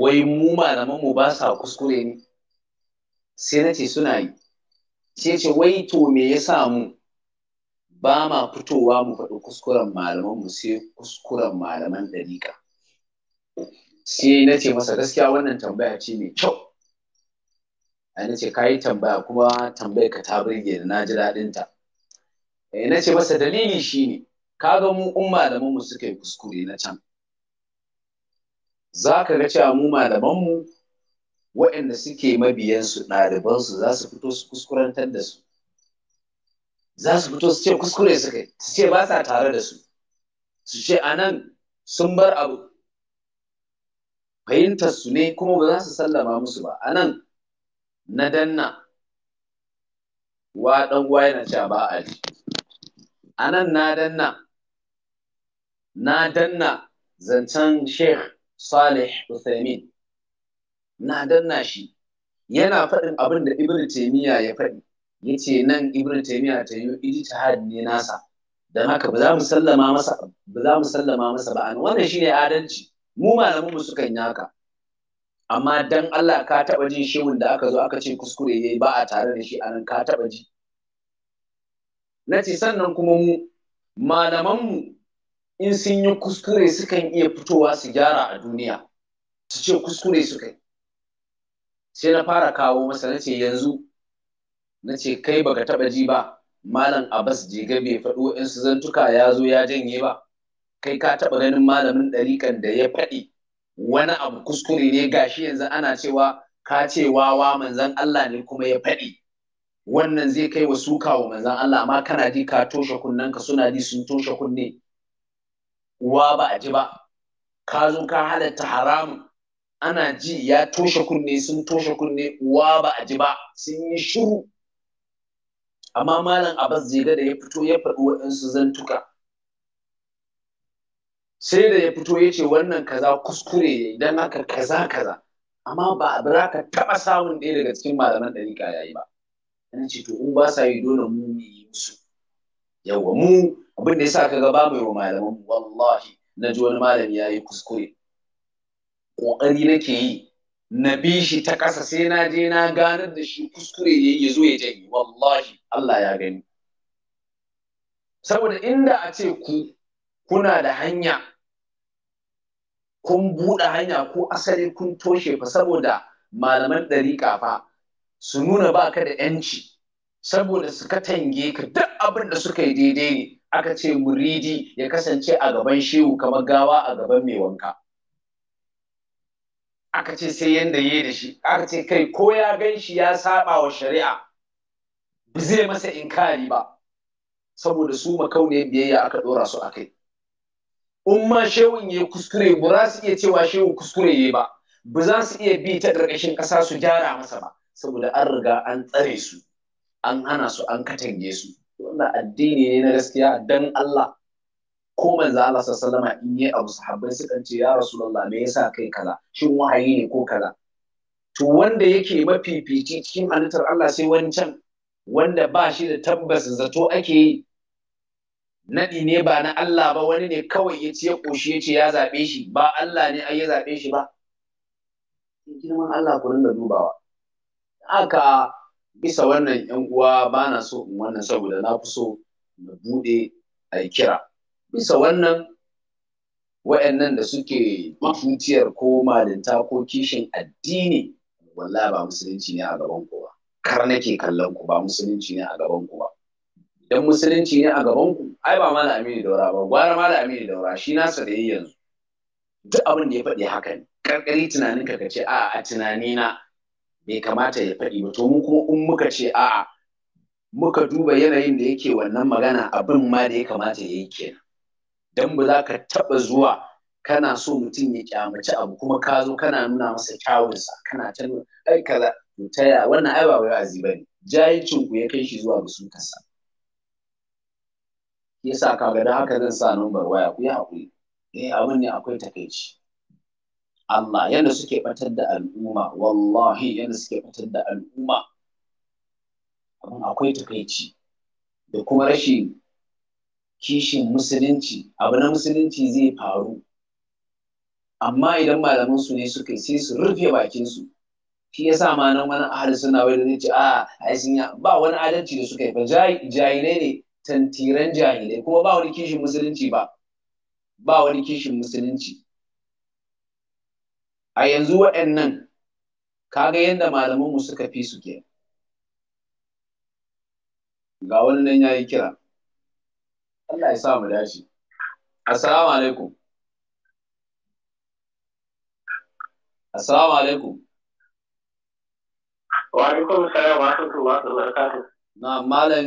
wai mu malaman ba sa kuskure ne sai na ce suna yi sai ce wai to me ya sa mu ba ma fitowa mu faɗi kuskuren malaman mu sai kuskuren malaman ɗariƙa sai na ce masa gaskiya wannan tambaya ce mai kyau a na ce kayi tambaya kuma tambayar ka ta burge na ji daɗinta. ta eh, na ce masa dalili shi ne. kaga mu in malaman mu suka yi kuskure na can za ka ga cewa mu malaman mu waɗanda suke mabiyansu ɗalibansu za su fito su kuskurantar da su za su fito su ce kuskure suka yi su ce ba sa tare da su su ce a nan sun bar abu fahimtar su ne kuma ba za su sallama musu ba a nan na danna wa ɗan yana cewa ba a ji a nan na danna na danna zancen sheikh salih uthaymin na danna shi yana faɗin abin da ibn Taymiyyah ya faɗi yace nan ibn Taymiyyah ta yi ijtihad ne nasa dan haka ba za mu sallama masa ba za mu sallama masa ba an wannan shine adalci mu malamu mu yi haka. amma dan Allah ka taba jin shehun da aka zo aka ce kuskure yayi ba a tare da shi anan ka taba ji nace sannan kuma mu malaman mu in sun yi kuskure sukan iya fitowa su gyara a duniya su ce kuskure suka yi sai na fara kawo masa na ce yanzu na ce kai baka taba ji ba malam abbas jiga bai faɗo in zantuka ya zo ya janye ba kai ka taba ganin malamin ɗarikan da ya faɗi wani abu kuskure ne gashi yanzu ana cewa ka ce wawa manzan Allah ne kuma ya faɗi wannan zai kai wa suka wa manzan Allah amma kana ji ka toshe kunnen ka suna ji sun toshe kunne uwa ba a ji ba ka zo ka halatta haramun ana ji ya toshe kunne sun toshe kunne uwa ba a ji ba sun yi shiru amma malam abbas zai da ya fito ya faɗi waɗansu zantuka sai da ya fito ya ce wannan kaza kuskure yi idan haka kaza kaza amma ba a bira ka taɓa samun ɗaya daga cikin malaman ɗariƙa yayi ba ina ce to in ba sa yi dole mu yi musu yawwa mu abin da ya yasa ka gaba mai wa malaman wallahi na ji wani malami yi kuskure ƙoƙari nake yi na bi shi ta ƙasa sai na je na ganar da shi kuskure ne ya zo ya yi, wallahi Allah ya gani saboda inda a ce ku kuna da hanya kun buɗe hanya ko asali kun toshe fa saboda malaman ɗari fa su nuna ba ka da ‘yanci saboda su tange ka duk abin da suka yi daidai ne aka ce muridi ya kasance a gaban shehu kamar gawa a gaban mai wanka aka ce sai yadda ya da shi aka ce kai ko ya gan shi ya saba wa shari'a ba zai masa inkari ba saboda su ya biyayya aka ɗora su a kai in ma shehun ya kuskure ba za su iya cewa shehu kuskure ya ba ba za su iya bi ta ƙarƙashin ƙasa su gyara masa ba saboda an riga an tsare su an hana su an katange su wannan addini ne na gaskiya dan Allah ko manzo Allah wasallam in yi abu sahabbai sukan ce ya rasulullah me yasa kai kaza shin wahayi ne ko kaza to wanda yake mafifici cikin halittar Allah sai wancan wanda ba shi da tabbas zato ake yi naɗi ne ba na Allah ba wani ne kawai ya ce ya ƙoshi ya ce ya zaɓe shi ba Allah ne ai ya zaɓe shi ba girman Allah ku rinda dubawa aka bisa wannan yan uwa ba na so in wannan saboda na fi so na bude a kira bisa wannan wa'annan da suke mafutiyar ko malinta ko kishin addini wallahi ba musulunci ne a gaban ku ba kar nake kallon ku ba musulunci ne a gaban ku ba idan musulunci ne a gaban ku ai ba mala amini daura ba gwara mala amini daura shi nasa da yi yanzu duk abin da ya faɗi haka ne Ƙarƙari tunanin ka ce a a tunani na bai kamata ya faɗi ba to mu kuma in muka ce a'a muka duba yanayin da yake wannan magana abin ma da ya kamata ya yi kenan dan ba za ka taɓa zuwa kana so mutum ya kyamaci abu kuma ka zo kana nuna masa kyawunsa kana ta nuna. ai kaza ta ya wannan ai ba wai azi bane ku ya kai shi zuwa musuntarsa yasa ga da haka zan sa numbar waya ku yi haƙuri eh abin ne akwai takaici Allah yana suke fitar da al'umma wallahi yana suke fitar da al'umma abin akwai takaici da kuma rashin kishin musulunci abu na musulunci zai faru amma idan malaman su ne suka sai su rufe bakin su shi yasa ma nan wani ahli suna wai da a ai sun ba wani adalci da suka yi ba jahilai ne tantiran jahilai kuma ba wani kishin musulunci ba ba wani kishin musulunci a yanzu waɗannan kaga yadda malamanmu suka fi su ke ga wannan ya yi kira Allah ya sa mu dace assalamu alaikum assalamu alaikum wa alaikum assalam wa rahmatullahi wa barakatuh na malam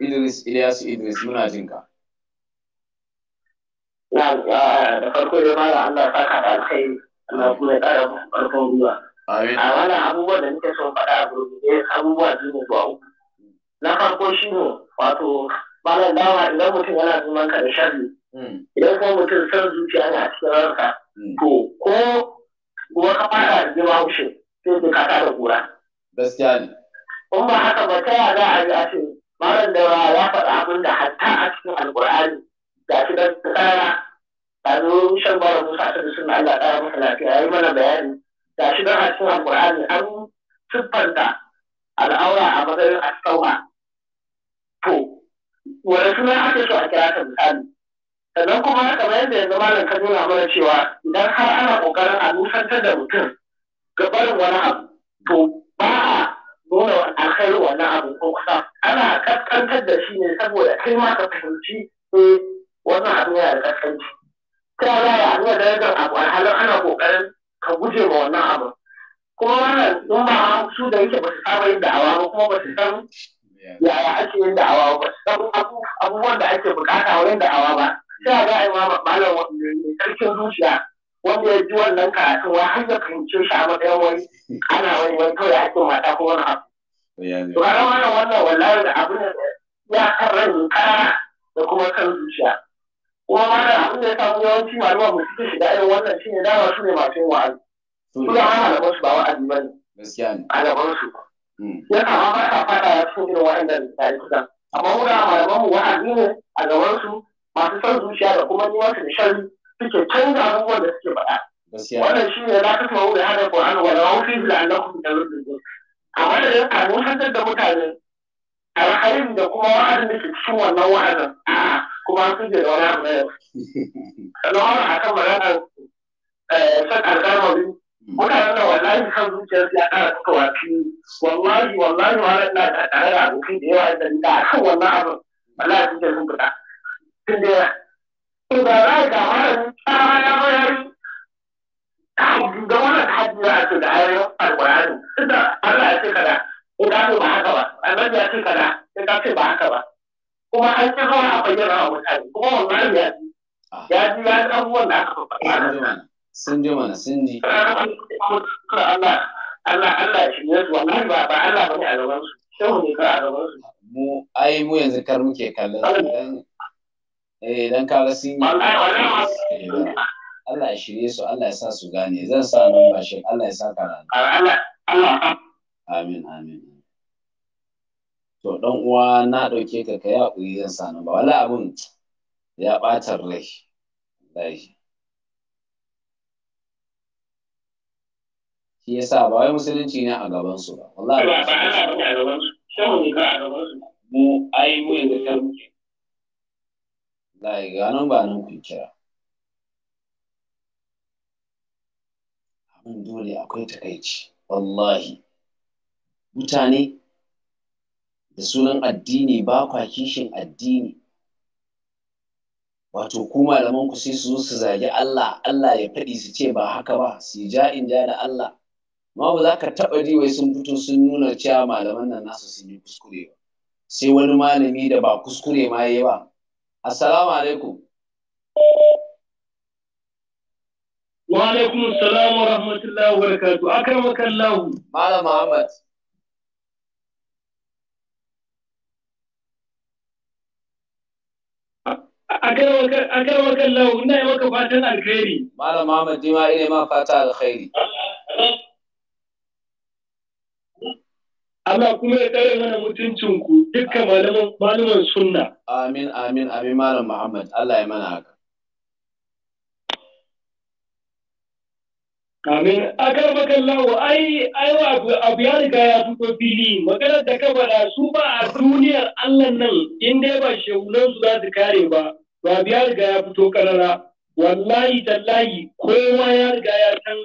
Idris Ilyas Idris muna jinka na ah, da farko da malam Allah ya saka da alkhairi Allah kuma ya ƙara ƙarfin ruwa. A wannan abubuwan da muke son faɗa a gurgurde abubuwa biyu ne zuwa uku. Na farko shi ne wato malam dawa idan mutum yana neman ka da sharri. Hmm. Idan kuma mutum son zuciya na cikin ranka. Hmm. To ko kuma ka fara da jima ushe sai su kaka da kura. Gaskiya ne. In ba haka ba ta yaya za a yi a ce malam dawa ya faɗa abin da hatta a cikin alƙur'ani ga shi da tsara ɗazu shan bawa musa ta da suna Allah ɗaya masa lafiya ya yi mana bayani ga shi don a cikin alƙur'ani an siffanta al'aura a matsayin askawa to wani suna ake so a kira ta misali sannan kuma kamar yadda yanzu malam ka nuna mana cewa idan har ana ƙoƙarin a nusantar da mutum ga barin wani abu to ba a nuna alkhairu wannan abu ko kusa ana kaskantar da shi ne saboda kai ma ka fahimci eh wannan abu yana da kaskanci ta ya a nuna darajar abu alhalin ana kokarin ka guje ma wannan abu kuma wannan sun ba su da yake ba su saba yin da'awa ba kuma ba su san yaya ake yin da'awa ba su san abubuwan da ake bukata wurin da'awa ba sai ga ai ma malam mai sarkin zuciya wanda ya ji wannan karatun wa har ya fahimce shi a matsayin wani ana wani wani kawai ake mata ko wani abu. To a wannan wannan wallahi da abin ya kan ran kara da kuma kan zuciya. kuma mana abin da ya samu yawanci malama ba su shiga irin wannan shi ne dama su ne masu yin wa'azi su da hana gaban su ba wa'azi ba ne gaskiya ne a gaban su hmm. ya kama ba ka fada ya cikin irin wa'annan da ya kusa amma mu da malaman mu wa'azi ne a gaban su masu son zuciya da kuma neman su nishari suke canza abubuwan da suke faɗa wannan shi ne za ka samu da hada Qur'an wa la wafi bil annakum tazunnu amma da a nusantar da mutane alkhairin da kuma wa'azin da ke cikin wannan wa'azin a'a kuma an kuje da wani abu na yau sannan wani a magana san alƙalmarin mutanen da wallahi san zuciyar ya ƙara suka wafi wallahi wallahi wani na da tare da abokai da yawa da da kan wannan abin wallahi zuciyar sun fita tun da yawa in ba za ka mara tsara ya bayar da wannan hajji ya ce da ayoyin alƙur'ani tunda Allah ya ce kada in ka ce ba haka ba annabi ya ce kada in ce ba haka ba kuma an ta zama a bayyana wa mutane kuma wannan ya ji ya ji ya ji abubuwan da aka faɗa sun ji mana sun ji Allah Allah Allah shi ne su wallahi ba ba Allah bane a gaban su shehu ne ka a gaban su mu ai mu yanzu kar muke kallon dan eh dan kaga sun yi Allah ya shirye su Allah ya sa su gane zan sa nan bashin Allah ya sa karatu Allah Allah amin amin to dan uwa na dauke ka ya hakuri zan sani ba wala abun ya bata rai wallahi shi yasa ba wai musulunci ne a gaban su ba wallahi ba ba ana a gaban su saboda ka a gaban su mu ai mu yanzu kan muke wallahi ga nan ba nan ku kira abin dole akwai takaici wallahi mutane da sunan addini ba kwa kishin addini wato ku malamanku sai su zo su zagi Allah Allah ya faɗi su ce ba haka ba su ja in ja da Allah ma ba za ka taɓa ji wai sun fito sun nuna cewa malaman nan nasu sun yi kuskure ba sai wani malami da ba kuskure ma yayi ba assalamu alaikum wa alaikum assalam wa rahmatullahi wa barakatuh akramakallahu malam Muhammad akar waka lau ina yi maka fatan alkhairi malam Muhammad ji ma ina ma fata alkhairi Allah kuma ya tsare mana mutuncin ku dukkan malaman sunna amin amin amin malam Muhammad Allah ya mana haka Amin, akar bakan lawo, ai, ai abu, abu ya riga ya fito fili, maganar da ka faɗa su ba a duniyar Allah nan, in dai ba shehunan su za su kare ba, ba ya riga ya fito karara wallahi tallahi kowa ya riga ya san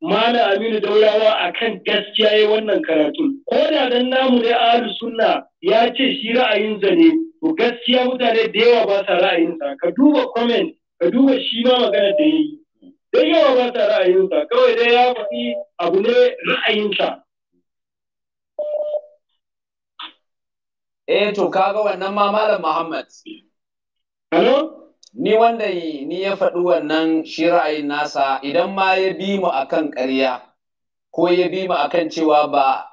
mala aminu daurawa kan gaskiya ya wannan karatun ko da dan namu ne ahlus sunna ya ce shi ra'ayin zane to gaskiya mutane da yawa ba sa ra'ayinsa ka duba comment ka duba shi ma magana da yi, da yawa ba sa ra'ayinsa kawai dai ya faɗi abu ne ra'ayinsa eh to kaga wannan ma malam muhammad ni wanda ni ya faɗi wannan shi ra'ayin nasa idan ma ya bi mu kan ƙarya ko ya bi mu kan cewa ba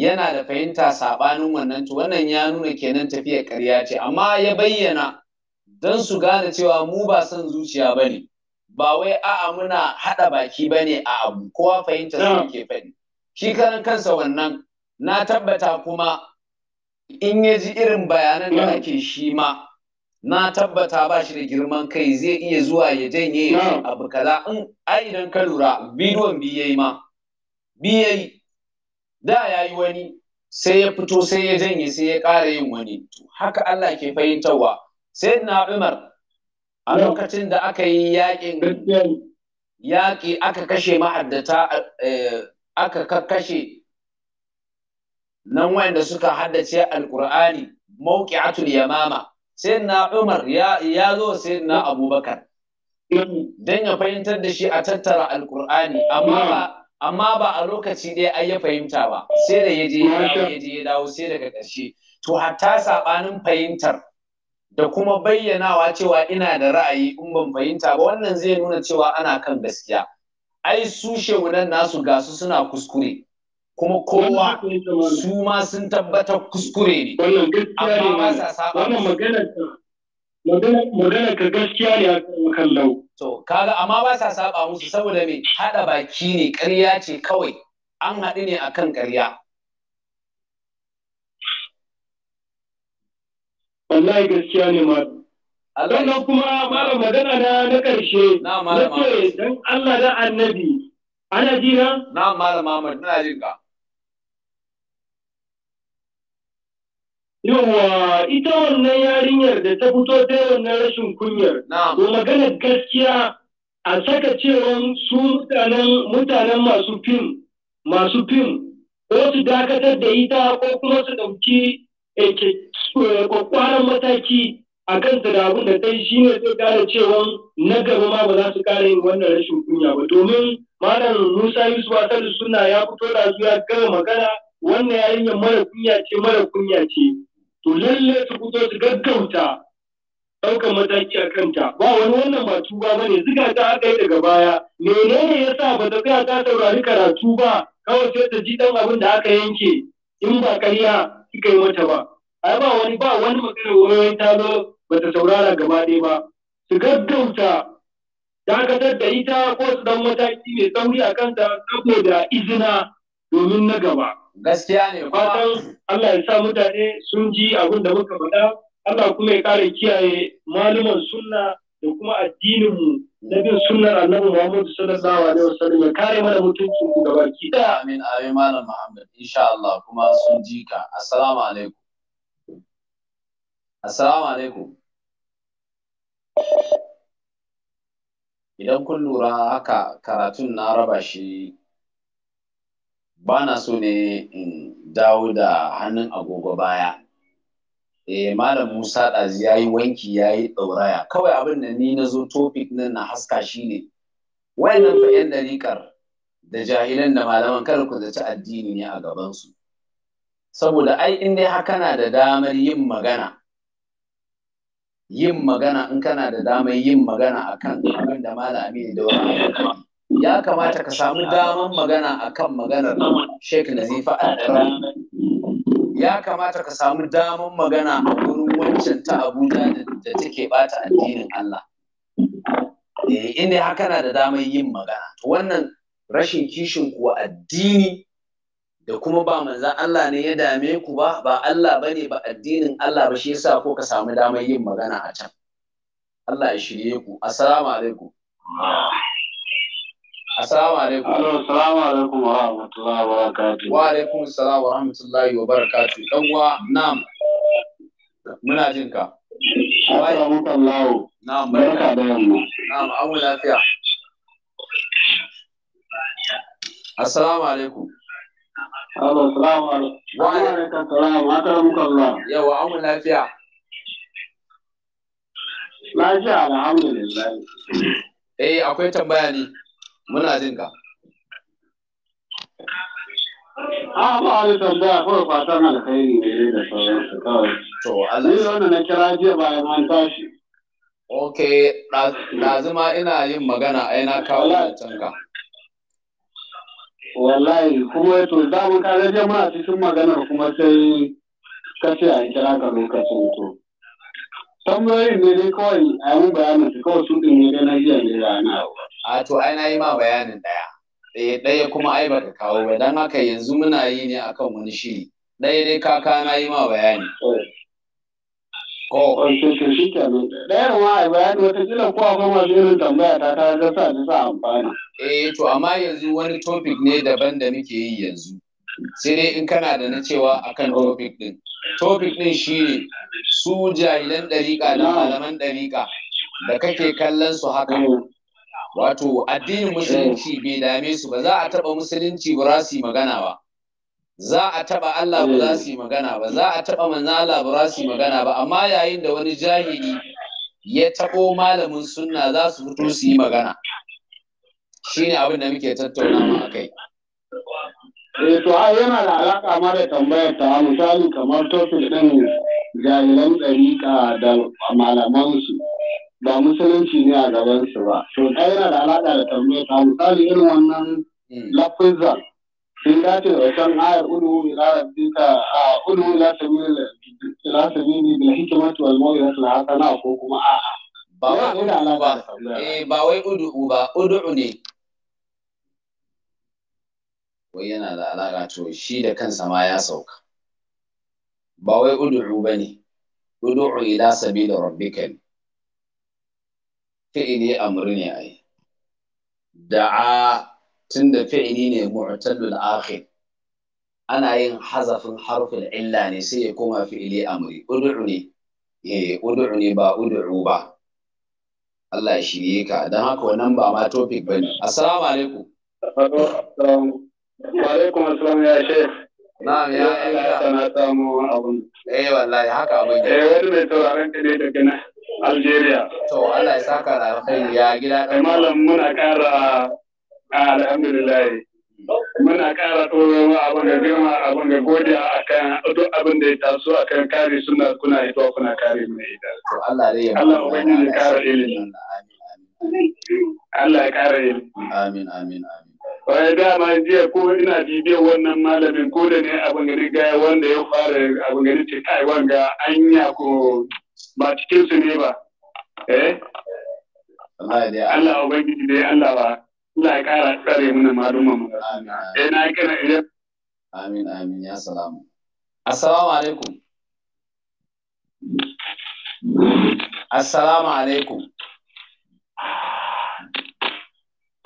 yana da fahimta saɓanin wannan to wannan ya nuna kenan tafiya ƙarya ce amma ya bayyana don su gane cewa mu ba son zuciya ba ne ba wai a'a muna haɗa baki ba ne a abu kowa fahimta su ke faɗi shi karan kansa wannan na tabbata kuma in ya ji irin bayanan da ake shi ma na tabbata ba shi da girman kai zai iya zuwa ya janye abu kaza in ai idan ka lura bidiyon biyayi ma biyayi da ya yi wani sai ya fito sai ya janye sai ya ƙara yin wani haka Allah ke fahimtarwa sai na Umar a lokacin da aka yi yaƙin yaƙi aka kashe ma'addata eh, aka kakkashe nan wanda suka haddace alƙur'ani mawqi'atul yamama sayyidina Umar ya ya zo sayyidina Abubakar dan ya fahimtar da shi a tattara alkur'ani amma ba a lokaci ɗaya ai ya fahimta ba sai da ya je ya dawo sai daga ƙarshe to hatta saɓanin fahimtar da kuma bayyanawa cewa ina da ra'ayi in ban fahimta ba wannan zai nuna cewa ana kan gaskiya ai su shehunan nasu gasu suna kuskure kuma kowa su ma sun tabbata kuskure ne amma ba sa saba wannan magana ka gaskiya ne a kallau to kaga amma ba sa saba musu saboda me hada baki ne ƙarya ce kawai an haɗu ne akan ƙarya wallahi gaskiya ne ma na kuma malam magana na na ƙarshe na ce don Allah da annabi ana jira na? Na malam Ahmad na jin ka. Yawwa ita wannan yarinyar da ta fito ta wannan rashin kunyar. To magana gaskiya a saka cewa su mutanen masu fim masu fim ko su dakatar da ita ko kuma su ɗauki eh, eh, kwakwaran mataki a kan da abin da kai shi ne sai kare cewa na gaba ma ba za su kare yin wannan rashin kunya ba domin malam musa yusuf asali suna ya fito da ya gama magana wannan yarinyar mara kunya ce mara kunya ce to lalle su fito su gaggauta ɗaukar mataki a kanta ba wani wannan ba tuba ba ne ziga ta aka yi daga baya menene ya sa ba ta tsaya ta saurari karatu ba kawai sai ta ji ɗan abin da aka yanke in ba karya suka yi mata ba ai ba wani ba wani magana wayoyin ta zo ba ta saurara gaba ɗaya ba su gaggauta dakatar da ita ko su dan mataki mai tsauri a kanta saboda izina domin na gaba. Gaskiya ne. Fatan Allah ya sa mutane sun ji abin da muka faɗa, Allah kuma ya kare kiyaye maluman sunna da kuma addininmu na bin sunnar annabi Muhammadu sallallahu alaihi wasallam ya kare mana mutuncin ku gaba ki da amin amin malam Muhammad insha Allah kuma sun ji ka assalamu alaikum assalamu alaikum idan kun lura haka karatun na raba shi ba na so ne in dawo da hannun agogo baya E, malam Musa ɗazi ya yi wanki ya yi ɗauraya kawai abin da ni na zo topic nan na haska shi ne wayannan fa yan dariƙar da jahilan da malaman kar ku zaci addini ne a gabansu saboda ai in dai haka na da damar yin magana yin magana in kana da damar yin magana akan abin da malami da wani ya kamata ka samu daman magana akan maganar Sheikh Nazifa Adana ya kamata ka samu damar magana a wurin wancan ta Abuja da take bata addinin Allah eh, inda haka na da damar yin magana to wannan rashin kishin kuwa addini da kuma ba manzan Allah ne ya dame ku ba ba Allah ba ne ba addinin Allah ba shi yasa ko ka samu damar yin magana a can Allah ya shirye ku assalamu alaikum Assalamu alaikum. Assalamu alaikum wa rahmatullahi wa barakatuhu. Wa alaikum assalam wa rahmatullahi wa barakatuhu. Dan uwa na'am. Muna jin ka. Assalamu alaikum. Na'am barka da yamma. Na'am an lafiya. Assalamu alaikum. Hello, salamu alaikum. Wa alaikum salam, akaramukallah. Yawa, amu lafiya. Lafiya, alhamdulillah. Eh, akwai tambaya ne. muna jin ka a ba da tambaya kawai fatan alkhairi ne da sauransu kawai to Allah ne na kira jiya bayan an tashi ok ɗazuma ina yin magana ai na kawo wancan ka wallahi kuma to da mun ka rage muna cikin maganar kuma sai ka ce a kira ka lokacin to tambayoyin ne dai kawai a yi bayanin su kawai su ɗin ne dai na jiya ne da na abu a to ai na yi ma bayanin ɗaya ɗaya eh, ɗaya kuma ai baka kawo ba don haka yanzu muna yi ne akan wani shiri ɗaya dai kaka na yi ma bayani ko to shi kenan ɗaya ma ai bayani kila ko akwai masu irin tambaya ta ta ga sa ta sa amfani eh to amma yanzu wani topic ne daban da muke yi yanzu sai dai in kana da na cewa akan topic din topic din shi ne. su jahilan ɗariƙa da malaman ɗariƙa da kake kallon su haka wato addinin musulunci bai dame su ba za a taba musulunci ba za su yi magana ba za a taba Allah ba za su yi magana ba za a taba manzon Allah ba za su yi magana ba amma yayin da wani jahili ya tabo malamin sunna za su fito su yi magana shine abin da muke tattaunawa akai Eh to ai yana da alaka ma da tambayar ta misali kamar tofil din jahilan dariƙa da malaman ba musulunci ne a gabansu ba to ta yana da alaƙa da tambayar ta misali irin wannan hmm. lafizan sun dace da wasan ayar ulu ila rabbika a ulu ila sabil ila sabil bil hikmati wal mawidati al hasana ko kuma a ba wai udu ba eh ba wai udu ba udu ne wai yana da alaƙa to shi da kansa ma ya sauka ba wai udu ba ne udu ila sabil rabbika ne fi'ili amri ne ai da'a tunda fi'ili ne mu'tallul akhir ana yin hazafin harfin illa ne sai ya koma fi'ili amri ud'u ne eh ud'u ne ba ud'u ba Allah ya shirye ka don haka wannan ba ma topic bane assalamu alaikum wa alaikum assalam ya sheikh Na'am ya aika. Sana samu abun. Eh wallahi haka abun. Eh wani mai sauraron ka ne daga nan. Algeria. To Allah ya saka da alkhairi ya gida ɗan. Malam muna ƙara alhamdulillah. Muna ƙara ɗoro abin da girma abin da godiya akan duk abin da ya taso akan kare suna kuna hitowa kuna kare mai ita. To Allah dai ya Allah ubangiji ya ƙara ilimi. Allah ya ƙara ilimi. Amin amin amin. Wai dama jiya ko ina bibiyar wannan malamin ko da ne abin gari gaya wanda ya fara abin gari ce kai wanga anya ko ba cikin su ne ba eh Allah ubangiji dai Allah ba Allah ya kara tsare mana maruma mu eh na kira idan amin amin ya salamu assalamu alaikum assalamu alaikum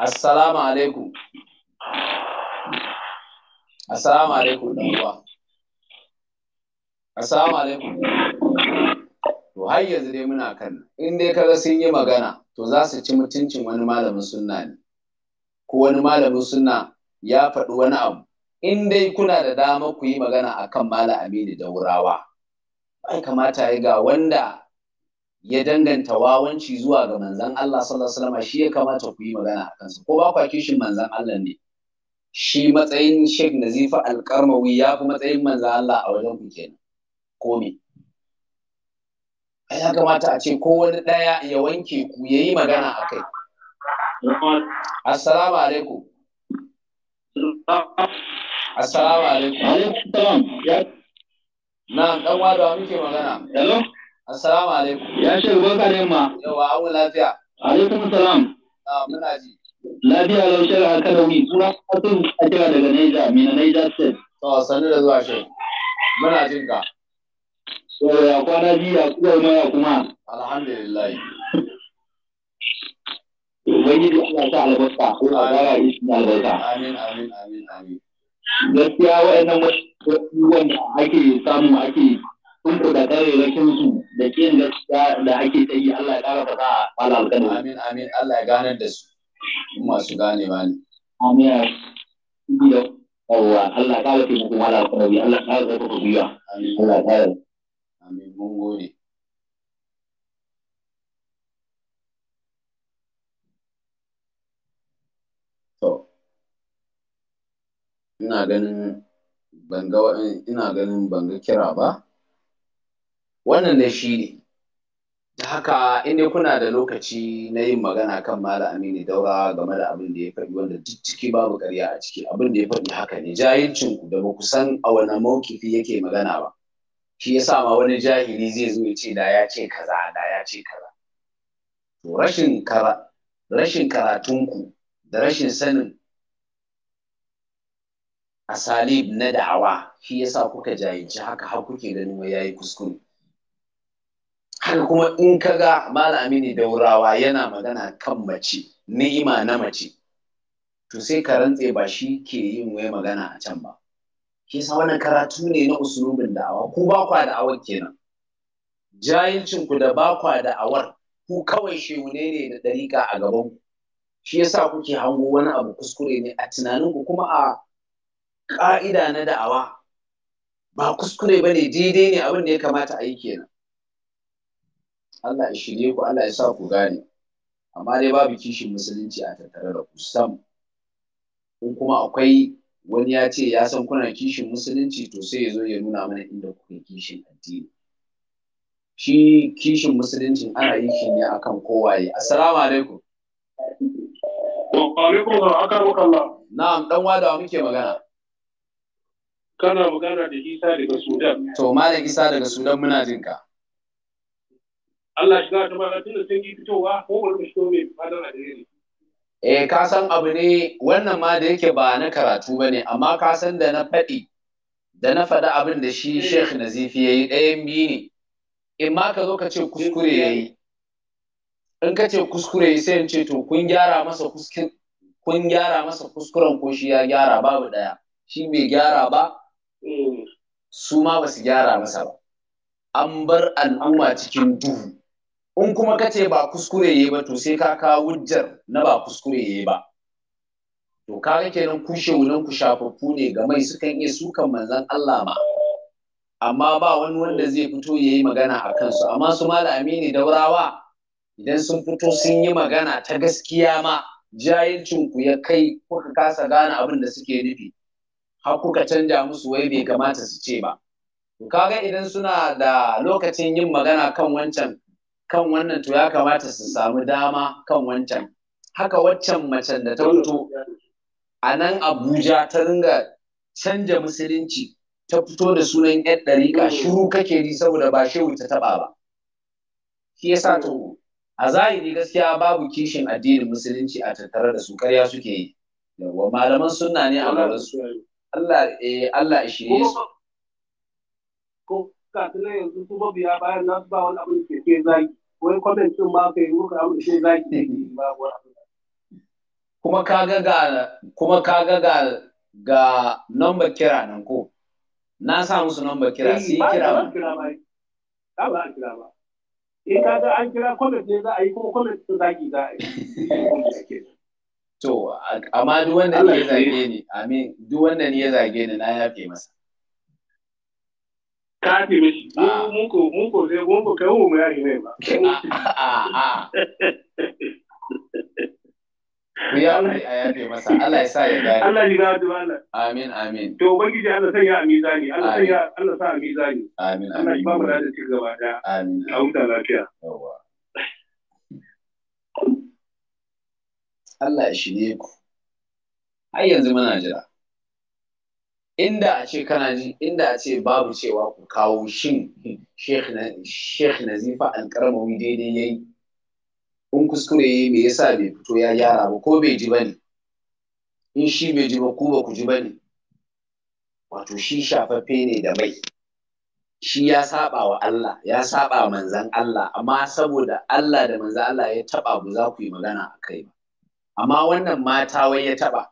assalamu alaikum assalamu alaikum dan uwa assalamu alaikum to har yanzu dai muna kan in dai kaga sun yi magana to za su ci mutuncin wani malamin sunna ne ko wani malamin sunna ya faɗi wani abu in dai kuna da dama ku yi magana akan malam Aminu wurawa ai kamata ya ga wanda ya danganta wawanci zuwa ga manzan Allah sallallahu alaihi wasallam shi ya kamata ku yi magana a kansa ko ba kwa kishin manzan Allah ne shi matsayin Sheikh Nazifa Alƙarmawi ya fi matsayin manzan Allah a wajen ku kenan ko me ya kamata a ce ko wani ɗaya ya wanke ku ya yi magana a kai. Assalamu alaikum. Assalamu alaikum. Na'am dan da muke magana. Hello. Assalamu alaikum. Ya shi barka da yamma. Yawa an lafiya. Alaikum salam. Na'am muna ji. Lafiya laushar haka da wi. Suna Fatim a kira daga Niger, Mina Niger State. To sanu da zuwa shi. Muna jin ka. Yawwa kwana biyu ya kuwa ma ya kuma. Alhamdulillah. Ubangiji Allah sa albarka ko a gara isi albarka. Amin amin amin amin. Gaskiya waɗannan wasu wanda ake samu ake kunku da kare rakin su da kiyan gaskiya da ake ta yi Allah ya ƙara faɗa a alƙalin. Amin amin Allah ya gane da su. su gane ba ne. Amin. Yawwa Allah ya ƙara taimako mala alƙalin Allah ya kara ƙara taimako biya. Allah ya kara. Amin, mun gode. To, ina ganin banga ina ganin banga kira ba. Wannan ne shi ne. Da haka inda kuna da lokaci na yin magana kan Malam Aminu Daura game da abin da ya faɗi wanda duk ciki babu ƙarya a ciki abin da ya faɗi haka ne jahilcin ku da ba ku san a wani mawkifi yake magana ba. shi yasa ma wani jahili zai zo ya ce da ya ce kaza da ya ce kaza to rashin kara rashin karatunku da rashin sanin asalib na da'awa shi ya sa kuka jahilci haka har kuke ganin wai yayi kuskure haka kuma in ka ga malami ne daurawa yana magana kan mace ni'ima na mace to sai ka rantse ba shi ke yin wai magana a can ba ke sa wannan karatu ne na usulubin da'awa ku ba kwa da'awar kenan Jayancinku ku da ba kwa da'awar ku kawai shehune ne da dariƙa a gaban ku shi yasa kuke hango wani abu kuskure ne a tunanin ku kuma a ƙa'ida na da'awa ba kuskure bane daidai ne abin da ya kamata a yi kenan Allah ya shirye ku Allah ya sa ku gane amma dai babu kishin musulunci a tattare da ku sam in kuma akwai wani ya ce ya san kuna kishin musulunci to sai ya zo ya nuna mana inda kuka kishin addini shi kishin musulunci ana yi shi ne akan kowaye assalamu alaikum wa alaikum wa akarwakallah na'am dan wa muke magana kana magana da Isa daga Sudan. To Malam Isa daga Sudan muna jin ka. Allah shiga ta mara da sun yi fitowa ko wani shi mai fadar yake eh ka san abu ne wannan ma da yake ba na karatu ba ne amma ka san da na faɗi da na faɗi abin da shi Sheikh Nazifi ya yi ɗayan biyu ne in ma ka zo ka ce kuskure ya yi. in ka ce kuskure ya sai in ce to kun gyara masa kuskin kun gyara masa kuskuren ko shi ya gyara babu ɗaya shi bai gyara ba mm. su ma ba su gyara masa ba an bar al'umma cikin duhu in kuma ka ce ba kuskure yi ba to sai ka kawo hujjar na ba kuskure yi ba to ka ga kenan kushe shewunan ku shafaffu ne ga mai sukan iya sukan manzon Allah ma amma ba wani wanda zai fito ya yi magana a kansu amma su mala amini daurawa idan sun fito sun yi magana ta gaskiya ma jahilcin ku ya kai kuka kasa gane abin da suke nufi har kuka canja musu wai bai kamata su ce ba to kaga idan suna da lokacin yin magana kan wancan kan wannan to ya kamata su samu dama kan wancan haka waccan macen da ta fito a nan abuja ta ringa canja musulunci ta fito da sunan yan ɗariƙa mm. shiru kake ni saboda ba shehu ta taɓa ba shi yasa to a zahiri gaskiya babu kishin addinin musulunci a tattare da su karya suke yi yawwa malaman sunna ne a gaban su Allah eh Allah ya shirye su ga yanzu su mabiya bayan na su ba wani abin da ke zaki comment din muka abin da ke zaki ba kuma kaga ga kuma kaga ga ga number kira nan ko na sa musu number kira eh, sai kira ba ba kira ba in eh, ga an kira comment ne za a yi kuma comment din zaki za a yi to amma duk wanda ya zage ni amin duk ya zage ni na yafe masa kafi mishi ah. mun ko mun ko sai mun ko kai mu yari ah, ah, a ku ya Allah ya masa Allah ya sa ya gane Allah ya gado Allah amin amin to ubangiji Allah sanya a mizani Allah sanya Allah sa a mizani amin amin Allah ya ba mu da ci gaba da amin a huta lafiya Allah ya shine ku Ai yanzu muna jira inda a ce kana ji inda a ce babu cewa ku kawo shin sheikh nazifa alkarmawi daidai ya yi in kuskure ya me yasa bai fito ya gyara ba ko bai ji ba ne in shi bai ji ba ku ba ku ji ba ne wato shi shafaffe ne da mai shi ya saba wa Allah ya saba manzan Allah amma saboda Allah da manzan Allah ya taba ba za ku yi magana a kai ba amma wannan mata wai ya taba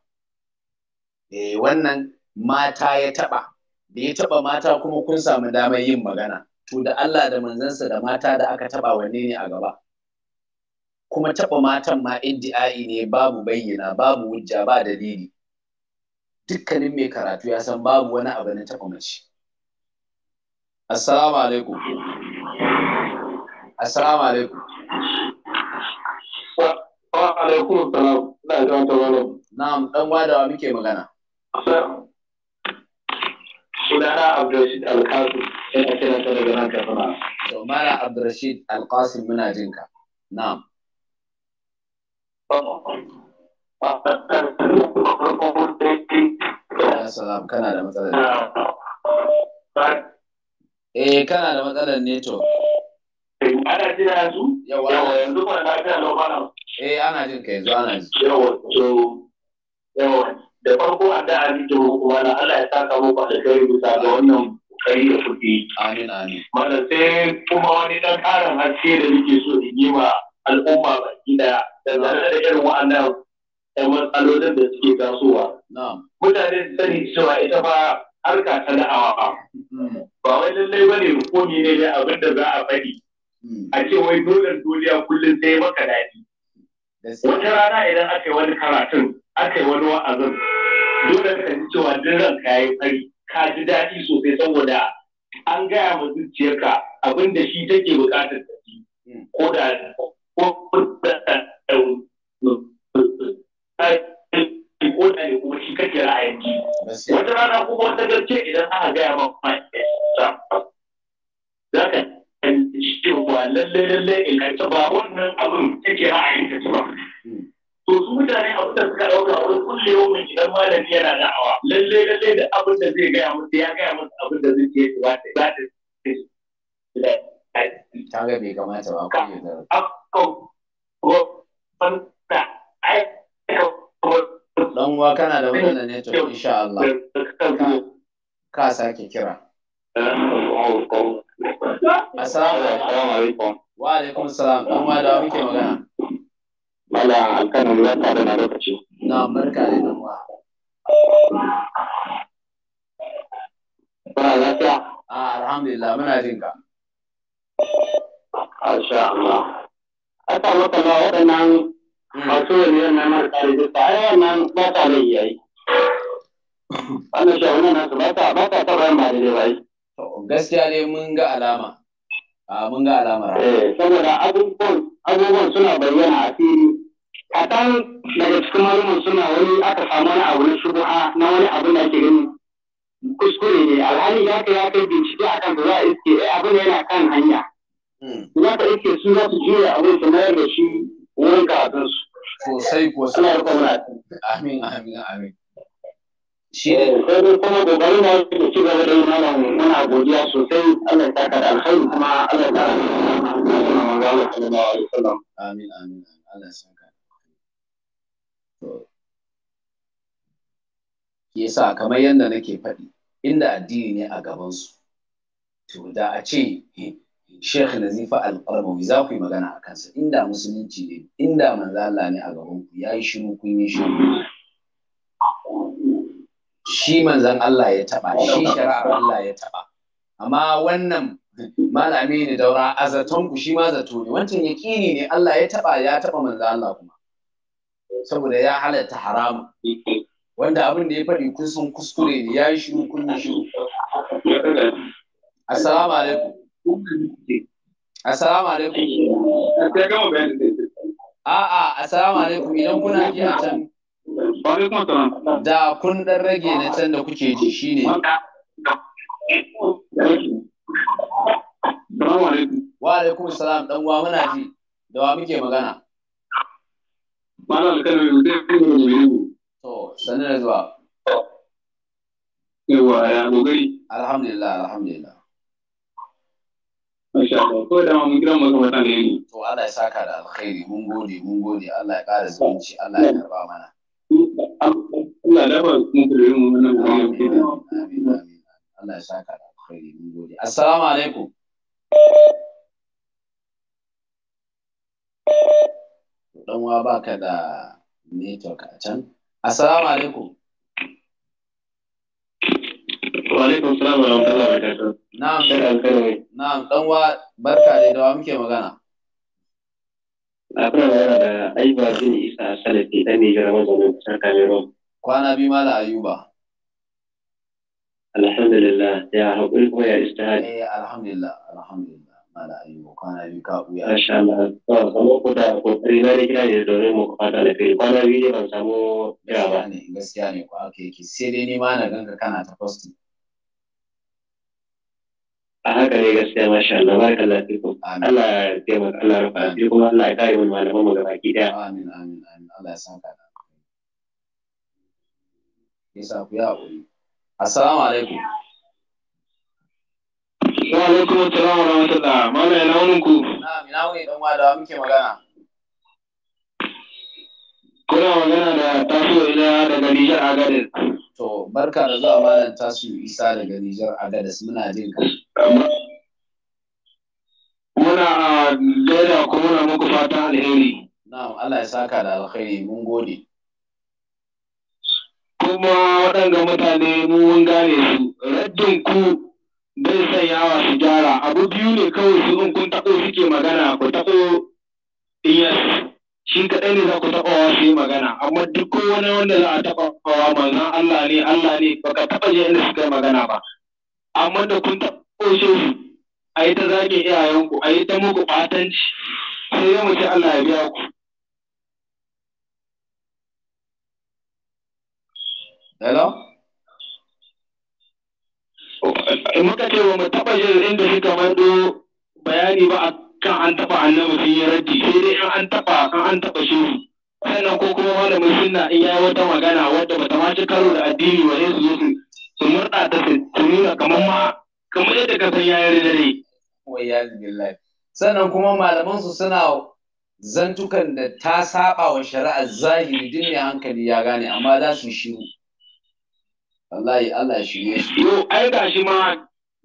eh wannan mata ya taɓa da ya taɓa mata kuma kun samu damar yin magana to da Allah da manzansa da mata da aka taɓa wanne ne a gaba kuma taɓa matan ma iddi'ai ne babu bayyana babu wujja ba dalili dukkanin mai karatu ya san babu wani abu na taɓa mace assalamu alaikum assalamu alaikum wa alaikum salam ina da wata na'am dan wadawa muke magana sunana Abdulrashid Alkasim yana kiran ta daga nan Katsina. To mana Abdulrashid Alkasim muna jin ka. Na'am. Salam kana da matsalar. Eh kana da matsalar network. ana jin yanzu? Yawa yanzu ba na lafiya lau Eh ana jin ka yanzu ana jin. Yawa to yawa da farko a da jiro kuma na Allah ya saka muku da kai rubuta ga wannan kai da kuke Amin amin. Mala sai kuma wani dan karin haske da nake so in yi ma al'umma baki daya da zare da irin wa'annan ɗan matsalolin da suke tasowa. Mutane sani cewa ita ba harka ta da'awa mm. ba wai lallai bane hukumi ne ne abin da za a faɗi mm. a ce wai dole duniya kullum sai maka daɗi wata rana idan aka yi wani karatun aka yi wani wa'azin dole ka ji cewa duk ranka ya yi fari ka ji daɗi sosai saboda an gaya ma zuciyarka abin da shi take buƙatar ta ji ko da ko da ko da ne kuma shi kake ra'ayin ji wata rana kuma wata gaske idan aka gaya ma za ka cewa lallai lallai in ka ba wannan abin take ra'ayin ta ba hmm. to su mutane a da suka ɗauka wani kullewa mai gidan malami yana da'awa lalle lalle da abin da zai gaya musu ya gaya musu abin da zai ke ba ta ba ta ta ga bai kamata ba ko ya zara dan uwa kana da wannan to insha Allah ka sake kira Assalamu alaikum. Wa alaikum salam. Dan uwa da muke magana. Mala alkanin barka da na lokaci. Na barka da nan wa. Kuna lafiya? Ah, alhamdulillah muna jin ka. Masha Allah. Aka maka ba waɗannan masu waliyan na marasa rijista, ai wannan ba ta da iyayi. Wannan shawarar nasu ba ta ba ta taɓa ba daidai ba yi. Gaskiya ne mun ga alama. a mun ga alama. Saboda abubuwan suna bayyana a fili kaɗan daga cikin malumin suna wani aka samu wani abu na shubuha na wani abu na ake gani kuskure ne alhali ya kai ya kai bincike akan da za a iske ai eh, abu yana kan hanya hmm. za ka iske su za su juya a su mayar da shi wurin kafin su sosai ko suna da amin amin amin shi ne eh, sai dai kuma gobarin da yake da gaba da yin malam muna godiya sosai Allah ya saka alkhairi kuma Allah ya saka amin amin Allah ya saka yasa kamar yadda nake faɗi inda addini ne a gabansu to da a ce eh, Sheikh Nazifa Al-Qarbawi za ku yi magana a kansa inda musulunci ne inda manzo Allah ne a gaban ku yayi shiru kun yi shiru shi manzon Allah ya taba shi shari'ar Allah ya taba amma wannan malami ne daura azaton ku shi ma zato ne wancan yaqini ne Allah ya taba ya taba manzo Allah kuma saboda ya halatta haramu wanda abin da ya faɗi kusan kuskure ne ya yi shiru kun shiru assalamu alaikum assalamu alaikum a'a assalamu alaikum idan kuna ji a can da kun ɗan rage na can da kuke ji shine wa alaikum salam dan uwa muna ji da wa muke magana Mana alkalmi mutum ne mai yiwu. To, sannan da zuwa. Yawa ya dogari. Alhamdulillah, Masha Allah, ko da mun gidan maka mata ne ne. To Allah ya saka da alkhairi, mun gode, mun gode, Allah ya ƙara zumunci, Allah ya karba mana. Allah ya dafa mun kudure mu wannan gobe. Amin, amin. Allah ya saka da alkhairi, mun gode. Assalamu alaikum. dan uwa baka da network a can assalamu alaikum wa alaikum salam wa rahmatullahi wa barakatuh na'am na'am dan uwa barka ne da wa muke magana akwai magana da aiba bin isa salafi dan nijar mazaunin kasar cameroon kwana biyu ma da ayuba alhamdulillah ya haƙuri kuma ya istihadi eh alhamdulillah alhamdulillah Mana mala ayuba kwana biyu ka ɓuya. Masha Allah, to kamar ku da kokari na da kira ne domin mu fata da kai kwana biyu ne ban samu kira ba. Ne gaskiya ne ko aka yake sai dai ni ma na ganga kana ta posting. a haka ne gaskiya masha Allah baraka lafi ku Allah ya taimaka Allah ya rufa asiri kuma Allah ya kare mu malaman mu gaba ki amin amin amin Allah ya saka da yasa ku ya haƙuri? assalamu alaikum Wa alaikum assalam wa rahmatullah. Mala ina wurin ku? Na'am, ina wuni dan wada muke magana. Kuna magana da Tasiu Ila daga Nijar Agadez. To, barka da zuwa malam Tasiu Isa daga Nijar Agadez. Muna jin ka. Muna a daida ko muna muku fata alheri. Na'am, Allah ya saka da alkhairi. Mun gode. Kuma waɗanda mutane mun gane su, raddin ku bai tsayawa su gyara abu biyu ne kawai su in kun taɓo suke magana ku taɓo yes shi kaɗai ne za ku taɓawa su yi magana amma duk wani wanda za a taɓawa manzan Allah ne Allah ne baka taɓa je inda suka yi magana ba amma da kun taɓo shi a yi ta zagin iyayenku a yi ta muku ɓatanci sai mu mace Allah ya biya ku. Hello? muka ce ba mu taɓa jin inda suka mando bayani ba a kan an taɓa annabi sun yi raddi sai dai in an taɓa in an taɓa shehu sannan ko kuma malamin sunna in yayi wata magana wadda ta ma ci karo da addini ba sai su zo su murɗa ta su nuna kamar ma kamar yadda ka san yayin dare wai ya billahi sannan kuma malaman su suna zantukan da ta saba wa shari'a, zahiri duk mai hankali ya gane amma za su shiru wallahi Allah ne shi yo ai ga shi ma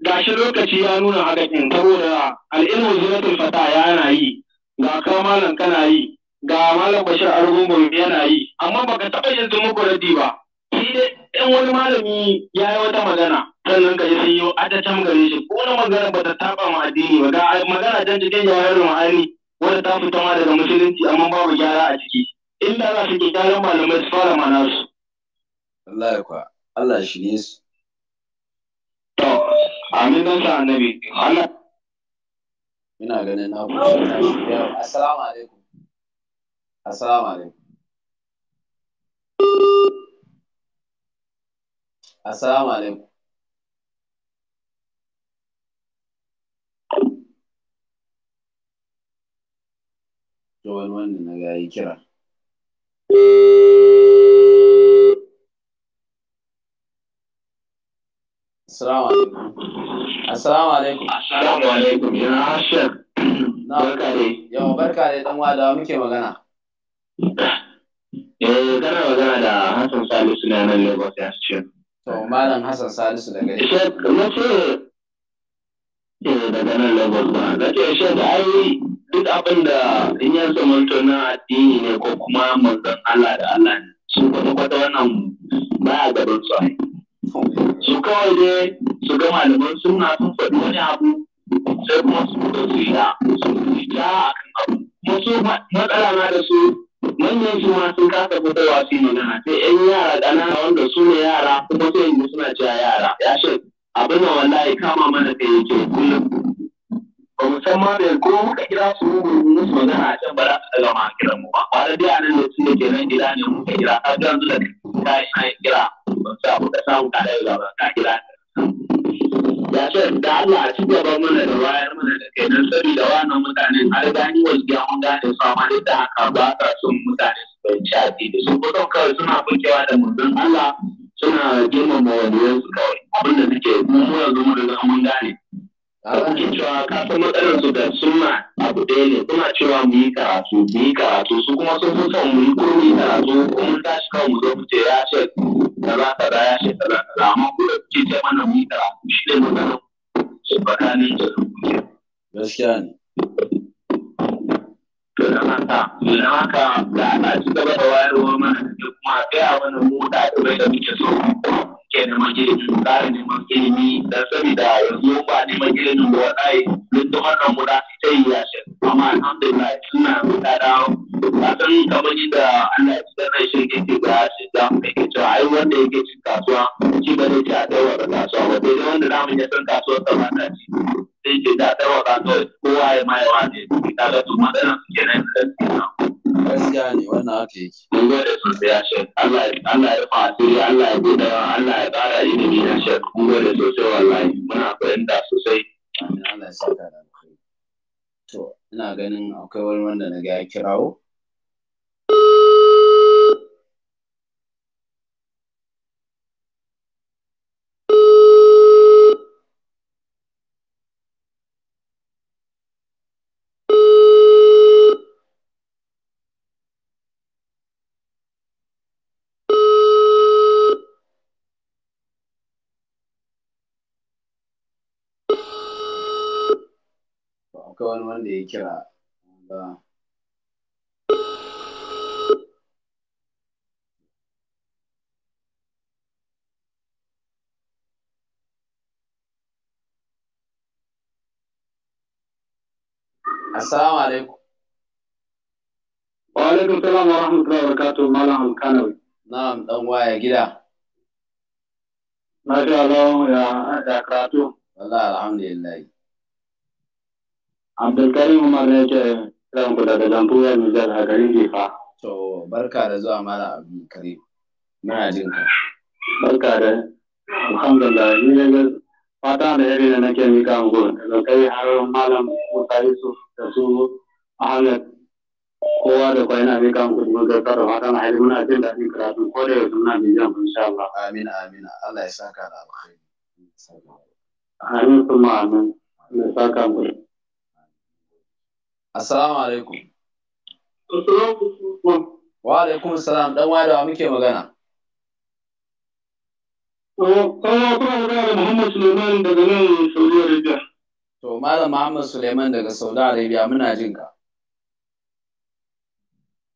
Ga shi lokaci ya nuna haka din saboda al'ilmu zinatul fata yana yi ga ka kana yi ga malam bashir argungun yana yi amma baka taɓa yin muku raddi ba shi dai in wani malami ya yi wata magana sannan ka yi sun yi adatan gare shi ko wani magana ba ta taɓa ma addini ba ga magana don cikin jawarar ma'ani wanda ta fita ma daga musulunci amma babu gyara a ciki inda za su ke gyaran malamai su fara mana su. Allah ya Allah shirye su amin don sa annabi Allah ina ganin na kusa tashi assalamu alaikum assalamu alaikum assalamu alaikum to wani wanda na ga yi kira Assalamu alaikum. Assalamu alaikum. Assalamu alaikum. Ya Hashim. Barka dai. Yawa barka dai dan wada muke magana. Eh kana magana da Hassan Salisu na nan Lagos ya ce. To malam Hassan Salisu daga Lagos. Shek na ce eh daga nan Lagos ba. Na ce da ai duk abin da in ya zamanto na addini ne ko kuma manzon Allah da Allah ne. Su kwata-kwata wannan ba a gaban su ai. su kawai dai su ga malaman suna sun faɗi wani abu sai kuma su ga su yi su yi ja a abu kuma su matsala na da su manyan su ma sun kasa fitowa su yi magana sai yan yara ƙanana wanda su ne yara kuma sai yanzu suna cewa yara ya shi abin da wallahi kama mana kai yake kullum ba mu san ma da ko muka kira su mu musu magana a can ba za su daga ma kira mu ba ba da dai anan da su ne kenan gida ne muka kira har da yanzu da kai an kira ba sa muka samu ka da ba ka kira ya ce da Allah a ci gaba mana da wayar mana da kai dan saboda wannan mutanen har gani wasu ya mun gane su amma duk da haka ba sa son mutane su bai shafi da su ko kawai suna bukewa da mun Allah suna girmama wani yansu kawai Ake cewa san matsalar su da suna abu ɗaya ne suna cewa mu yi karatu mu yi karatu su kuma sun fi son mu yi ko mu yi karatu ko mun tashi kawai mu zo mu ce ya ce kaza kaza ya ce da kaza amma ku da kuke ce mana mu yi karatu shi ne mu magana su tsakanin da su kuke. Gaskiya ne. To da haka da haka da ana ci gaba da wayarwa mana da kuma kai a wani mota da bai da muke so. ke neman ilimi su ƙara neman da don saboda yanzu ba neman ilimin da waɗai duk da wannan guda ta yi yashin amma alhamdulillah suna guda da san kamar yadda Allah ya ci na shi yake ga shi da yake cewa ai wanda yake cin kasuwa shi ba zai ci a ɗaya wa kasuwa ba dai wanda namun ya san kasuwar sa ba ta ci sai ke da ɗaya kasuwa kowa ya ma yawa ne ta ga su matsalan su kenan da su gaskiya ne wannan haka yake mun da sosai a shek Allah Allah ya fa asiri Allah ya gode Allah ya ƙara ilimi a shek mun da sosai wallahi muna fahimta sosai amin Allah ya saka da alkhairi to ina ganin akwai wani wanda na ga ya kirawo akwai wani wanda ya kira Assalamu alaikum. Wa alaikum salam wa rahmatullahi wa barakatuh Malam Alkanawi. Na'am dan waya gida. Masha Allah ya karatu. Wallahi alhamdulillah. Abdulkarim Umar ne ke kiran ku daga Jamhuriyar Nijar a garin Jifa. To barka da zuwa Malam Abdulkarim. Muna jin ka. Barka da Alhamdulillah ni ne ga fata da yare da nake mika muku daga kai har Malam Musa Yusuf da su Ahmed kowa da kwai na mika muku da gaskar da fata na haihu muna jin daɗin karatu ko da yau muna bijan insha Allah. Amin amin Allah ya saka da alkhairi. Amin kuma amin. Allah ya saka mu. Assalamu alaikum. Wa alaikum salam dan wadawa muke magana. kuma da Muhammad Suleiman daga nan To Malam Muhammad Suleiman daga Saudi Arabia muna jin ka.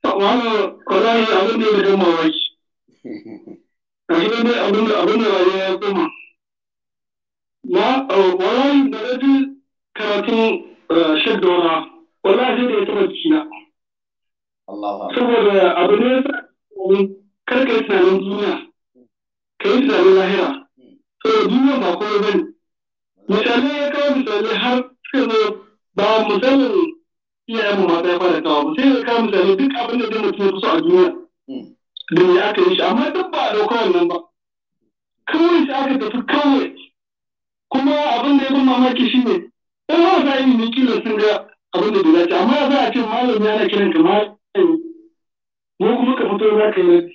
Malam abin da ya koma. Ma, karatun eh, wallahi sai da ya taɓa jiki na? saboda abu ne yasa kar ka yi tunanin duniya ka yi tunanin lahira saboda duniya ba komai bane misalai ya kawo misali har suka zo ba misalin iyayen mu mata ya fara kawo ba sai ya kawo misali duk abin da mutum ya so a duniya da ya aka yi shi amma duk ba a ɗauka wannan ba kawai sai aka tafi kawai kuma abin da ya ban mamaki shi ne ɗan hausa yi ne kilo sun gaya? abin da bai amma za a ce malami ana kiran ka malami mu kuma ka fito za ka yi rabi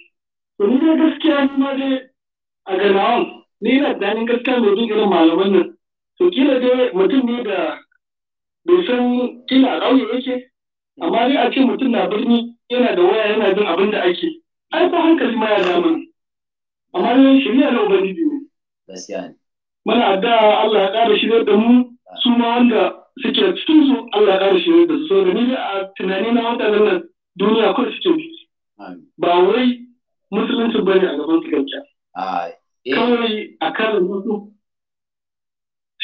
to ni dai gaskiya ni ma dai a ganawan ni ina tunanin gaskiya mai bin irin malaman nan to kila dai mutum ne da bai san kila a ƙauye yake amma dai a ce mutum na birni yana da waya yana jin abin da ake ai ba hankali ma ya dama amma dai shirya na ubangiji ne gaskiya ne muna addu'a Allah ya ƙara shirya da mu su ma wanda suke cikin su Allah ya kare shi da su so da ni a tunani na waɗannan nan duniya kawai suke bi ba wai musulunci bane a gaban su gaskiya eh. kawai a karin musu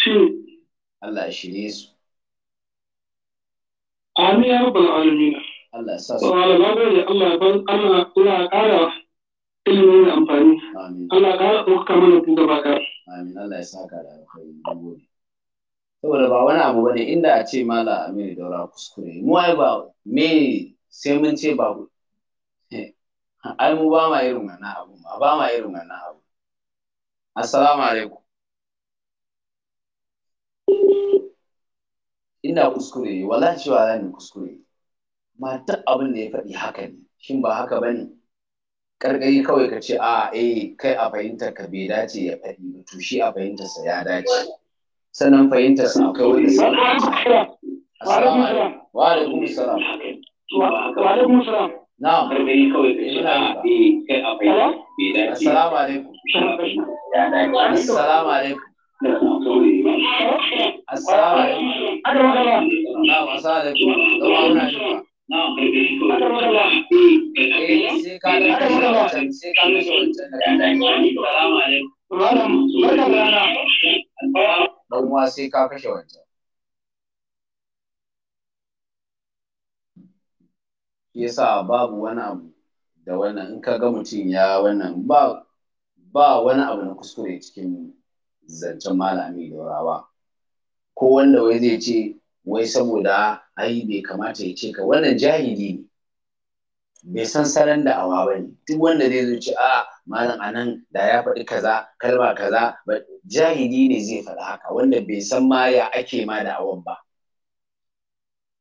shi Allah shirye su amin ya rabbal alamin Allah ya sa su Allah ya Allah ya ban Allah Allah ya kara amfani Allah ya kara ɗaukaka mana gaba ɗaya amin Allah ya da alkhairi saboda ba wani abu bane inda a ce mala amiri daura kuskure mu ai ba me sai mun ce ba eh, ai mu ba ma irin wannan abu ma ba ma irin wannan abu assalamu alaikum inda kuskure wala cewa zan kuskure ma duk abin da ya faɗi haka ne shin ba haka bane karkari kawai ka ce a eh kai a fahimtar ka bai dace ya faɗi ba to shi a fahimtarsa ya dace sannan fahimtar sa akwai wanda sai assalamu alaikum wa alaikum assalam wa alaikum assalam na'am kai kawai ina eh kai a fahimta bai dace assalamu alaikum assalamu alaikum assalamu alaikum na'am assalamu alaikum zama muna shiga na'am kai kai sai ka da wancan sai ka da wancan assalamu alaikum malam barka da Ɗan uwa sai ka kashe wancan yasa babu wani abu da wannan in ka ga mutum ya wannan ba ba wani abu na kuskure cikin zancen malami da rawa ko wanda wai zai ce wai saboda ai bai kamata ya ce ka wannan jahili ne bai san salon da awa ba ne duk wanda zai zo ce malam anan da ya faɗi kaza kalma kaza jahili ne zai faɗi haka wanda bai san ma ya ake ma da awon ba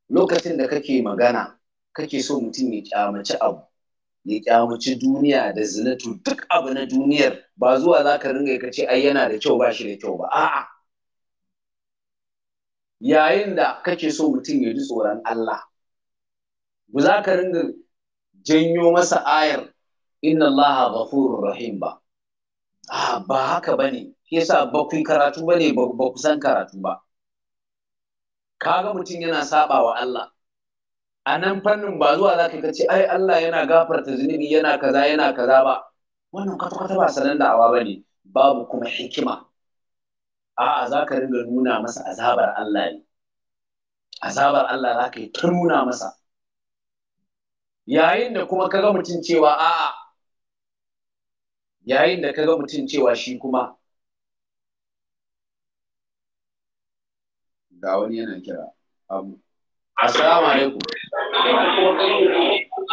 lokacin da kake magana kake so mutum ya kyamaci abu ya kyamaci duniya da zinatu duk abu na duniyar ba zuwa za ka ringa ka ce ai yana da kyau ba shi da kyau ba a'a yayin da kake so mutum ya ji tsoron Allah ba za ka ringa janyo masa ayar inna Allah ghafurur rahim ba ah ba haka bane yasa ba ku karatu bane ba ku san karatu ba kaga mutum yana saba wa Allah a nan fannin ba zuwa zaka ka ce ai Allah yana gafarta zunubi yana kaza yana kaza ba wannan kwata kwata ba sanan da awa bane babu kuma hikima a'a zaka ringa nuna masa azabar Allah ne azabar Allah zaka yi ta nuna masa yayin da kuma kaga mutum cewa a'a yayin da ka kaga mutum cewa shi kuma ga wani yana kira abu assalamu alaikum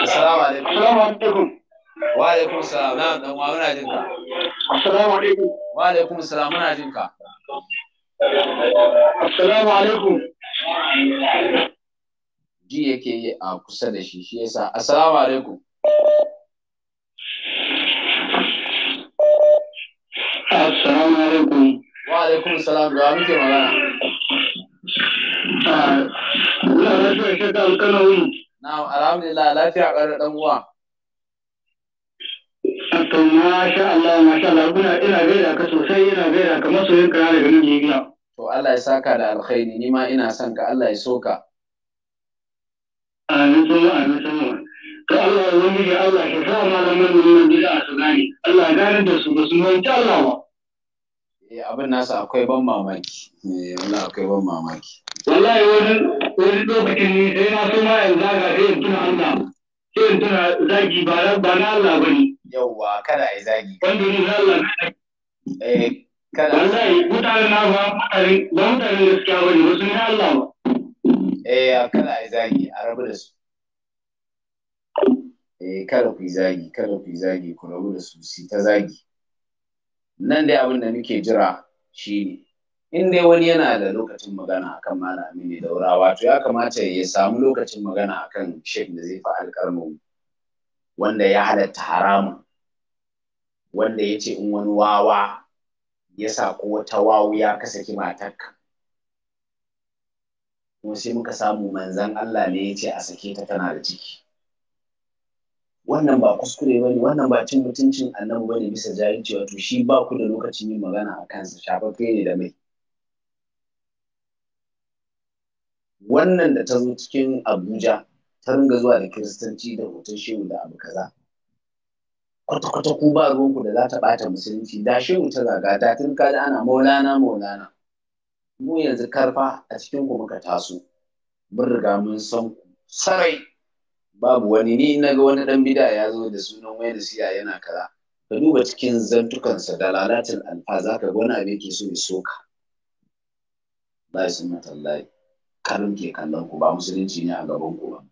assalamu alaikum assalamu alaikum wa alaikum salam na dan wa muna jin ka assalamu alaikum wa alaikum salam muna jin ka assalamu alaikum ji yake a kusa da shi shi yasa assalamu alaikum Assalamu alaikum. Wa alaikum da muke magana. Ina ah, lafiya shi ta alƙalan Na'am lafiya ɗan uwa. Allah ina ka sosai ina daga nan To Allah ya saka da alkhairi ni ma ina son ka Allah ya soka. Amin sun amin Allah ya wani Allah ya sa su gane Allah ya da su ba su Allah ba Eh, abin nasa akwai ban mamaki eh, wala akwai ban mamaki wallahi wani wani lokacin ne sai na so ma yanzu zaga sai in tuna Allah sai in tuna zagi ba ba na Allah bane yawwa kada ai zagi wanda ni na Allah eh kada wallahi mutane na ba mutane ba mutane gaskiya bane wasu ne Allah ba eh kada ai zagi a rabu da su eh kada ku zagi kada ku zagi ku rabu da su si ta zagi nan dai abin da muke jira shine in dai wani yana da lokacin magana akan malami ne daura to ya kamata ya samu lokacin magana akan shek da zai fa alƙarmu wanda ya halatta haramun wanda ya ce in wani wawa ya sa ko wata wawu ya kasa saki matarka kuma sai muka samu manzan Allah ne ya ce a sake ta tana da ciki wannan ba kuskure ba ne wannan ba cin mutuncin annabi ba ne bisa jahilci wato shi ba ku da lokacin yin magana a kansa shafaffe ne da mai wannan da ta zo cikin abuja ta ringa zuwa da kiristanci da hoton shehu da abu kaza kwata-kwata ku ba ruwanku da za ta ɓata musulunci da shehu ta zaga da tun kada ana maulana maulana mu yanzu karfa a cikin ku muka taso mun riga mun san ku sarai babu wani ni na ga wani dan bida ya zo da sunan wai da siya yana kaza ka duba cikin zantukansa da lalatin alfa za ka wani abin ke so ya soka Ba yi sunan tallahi karin ke kallon ku ba musulunci ne a gaban ku ba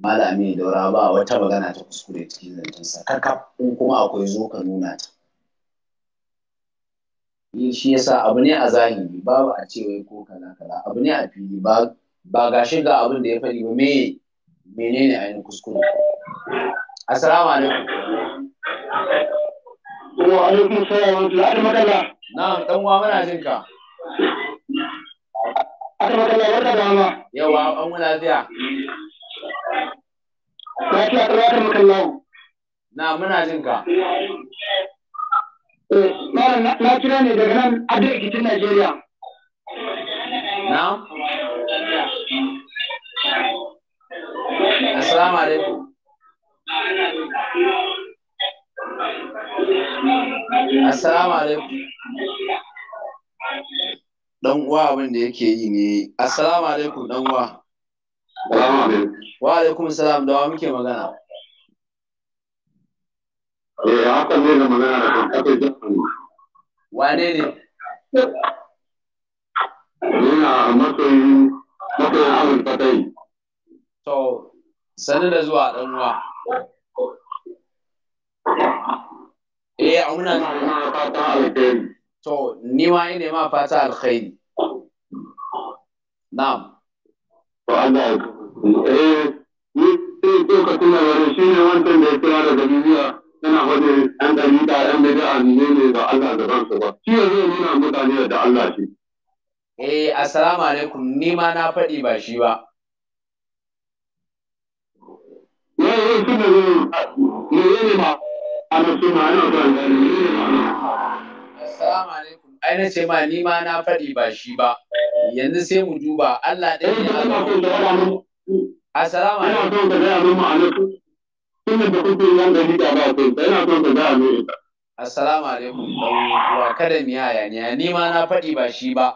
malami daura ba wata magana ta kuskure cikin zantunsa kakaf in kuma akwai zo ka nuna ta shi yasa abu ne a zahiri babu a ce wai ko kaza kaza abu ne a fili ba ba ga shi ga abin da ya faɗi ba me menene yin kuskure assalamu alaikum wa alaikum salam wa rahmatullah Na, dan uwa muna jin ka Akwai wata dama. Yawa, an mu lafiya. Na ce a wata makallahu. Na muna jin ka. na kira ne daga nan adar ikitin Najeriya. Na? Assalamu alaikum. Assalamu alaikum. Dan uwa abin da yake yi ne. Assalamu alaikum dan uwa. Wa alaikum salam da wa muke magana. Eh, haka ne da magana da kan Wane ne? To, sani da zuwa ɗan uwa. Eh, a muna alkhairi. To, ni ma ne ma fata alkhairi. Na'am. To, Allah ya Eh, ni ne ko wancan da ya kira da suna wani ɗan ɗarika ɗan a ne ne ba Allah da ransu ba shi zo nuna mutane da Allah shi eh assalamu alaikum ni ma na faɗi ba shi ba ne ne suna ne ne ne ma ana ma ana son ne ne ma assalamu alaikum ai na ce ma ni ma na faɗi ba shi ba yanzu sai mu duba Allah ɗaya ne eh, Assalamu alaikum. Sunan da kuke yan gari da ba kai sai na son ka ga Amerika. Assalamu alaikum wa kada miya mi hayaniya ni ma na faɗi ba shi ba.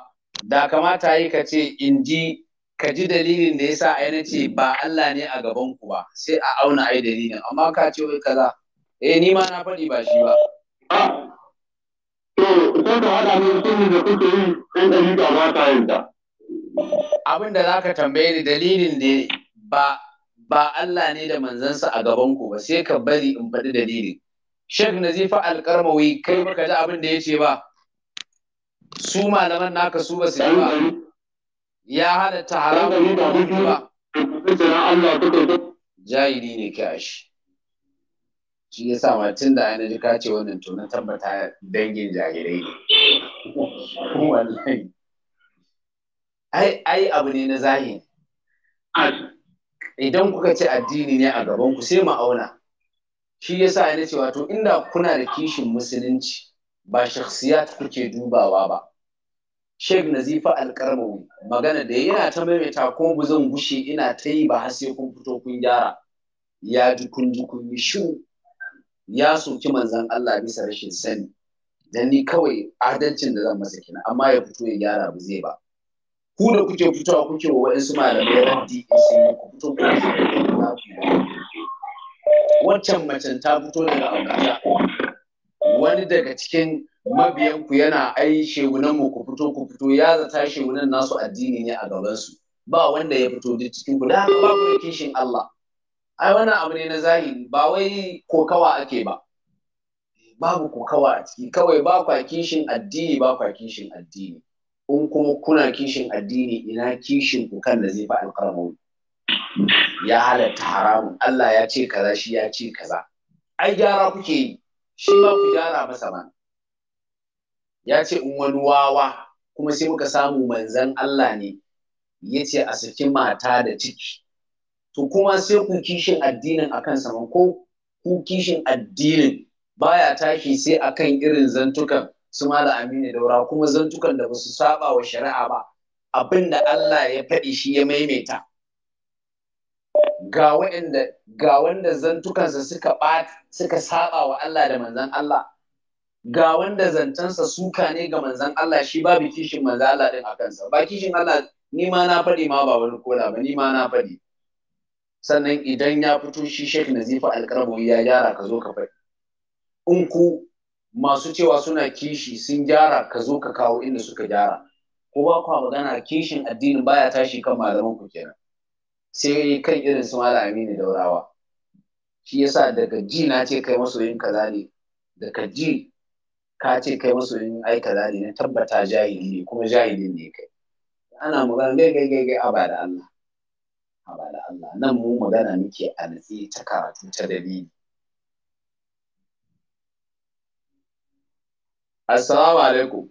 Da kamata yi ka ce in ji ka ji dalilin da yasa ai nace ba Allah ne a gaban ku ba sai a auna ai dalilin amma ka ce wai kaza eh ni ma na faɗi ba shi ba. Ah, to, ko da hada ne sunan da kuke yi ɗan ɗari da ba ta yin ta. Abin da za ka tambaye ni dalilin da ba ba Allah ne da manzansa a gabanku ba sai ka bari in faɗi dalili Sheikh Nazifa Alƙarmawi kai baka ji abin da ya ce ba su malaman naka su ba su ji ba ya ta haramun ba mutu ba jahili ne ke ashi shi ya sa tun da ainihin ka ce wannan to na tabbata dangin jahilai ne Ai, ai abu ne na zahiri idan kuka ce addini ne a gabanku sai mu auna shi yasa na cewa wato inda kuna da kishin musulunci ba shakhsiyat kuke dubawa ba Sheikh Nazifa Alkarmawi magana da yana ta maimaita ko ba zan gushe ina ta yi ba har sai kun fito kun gyara ya ji kun ji kun yi ya soki manzon Allah bisa rashin sani dan ni kawai adalcin da zan masa kina amma ya fito ya gyara ba zai ba ku da kuke fitowa kuke wa waɗansu malamai raddi sai ku fito ku wancan macen ta fito daga aukata wani daga cikin mabiyanku yana ai shegunan mu ku fito ku fito ya zata shegunan nasu addini ne a gabansu ba wanda ya fito duk cikin ku da haka ba ku kishin Allah ai wannan abu ne na zahiri ba wai kokawa ake ba babu kokawa a ciki kawai ba kwa kishin addini ba kwa kishin addini in kuma kuna kishin addini ina kishin ku da zai fa alƙarmawi ya halatta haramun Allah ya ce kaza shi ya ce kaza ai gyara kuke yi shi ba ku gyara masa ba ya ce in wani wawa kuma sai muka samu manzan Allah ne ya ce a saki mata da ciki to kuma sai ku kishin addinin akan sama ko ku kishin addinin baya tashi sai akan irin zantukan su mala da daura kuma zantukan da ba su saba wa shari'a ba abin da Allah ya faɗi shi ya maimaita ga wanda ga wanda zantukansa suka suka saba wa Allah da manzon Allah ga wanda zancensa suka ne ga manzon Allah shi babu kishin manzon Allah din a kansa ba kishin Allah ni ma na faɗi ma ba wani kola ba ni ma na faɗi sannan idan ya fito shi Sheikh Nazifa Alkarbo ya gyara ka zo ka faɗi in ku masu cewa suna kishi sun gyara ka zo ka kawo inda suka gyara ko ba kwa magana kishin addini baya tashi kan malaman ku kenan sai kan irin su malam Aminu Daurawa shi yasa daga ji na ce kai masoyin kaza ne daga ji ka ce kai masoyin ai kaza ne na tabbata jahili ne kuma jahilin ne kai ana magana gai gai gai gai abada Allah abada Allah nan mu magana muke a natsi ta karatu ta dalili Assalamu alaikum.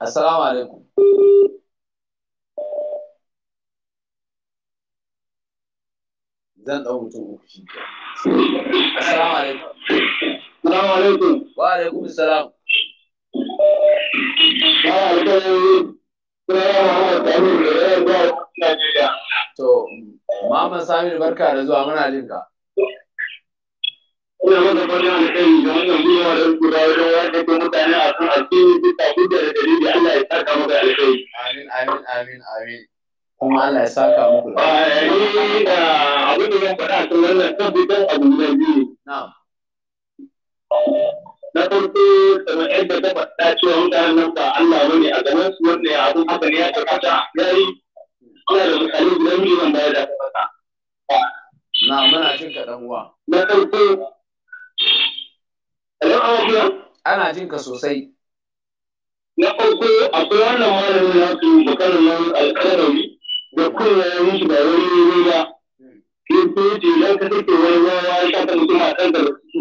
Assalamu alaikum. Zan ɗau mutum uku shi Assalamu alaikum. Assalamu alaikum. Wa alaikum salam. Ba a alƙalin Kuna yawa Muhammad Samir da yawa Najeriya. To, Muhammad Samir barka da zuwa muna jin ka. ina masa kwalliya da kai ga wannan biyuwa da rubuta wajen wata ko mutane a kan addini bisa hujja da dalili Allah ya saka maka alkhairi amin amin amin amin kuma Allah ya saka muku da ni da abin da zan faɗa a kan wannan tabbitan abu ne biyu na'am na farko kamar yadda ta faɗa cewa mutanen nan ba Allah bane a ganin su wannan abun haka ne ya tabbata yayi ina da misalin guda biyu wanda ya da tabbata na muna jin ka dan uwa na farko Ana jin ka sosai. Na farko akwai wannan malamin na su makarar nan alkalami da kuma ya yi ba wani ne ba. Sai ko ce idan ka take wani ruwa ya shafa mutum a kanka da su.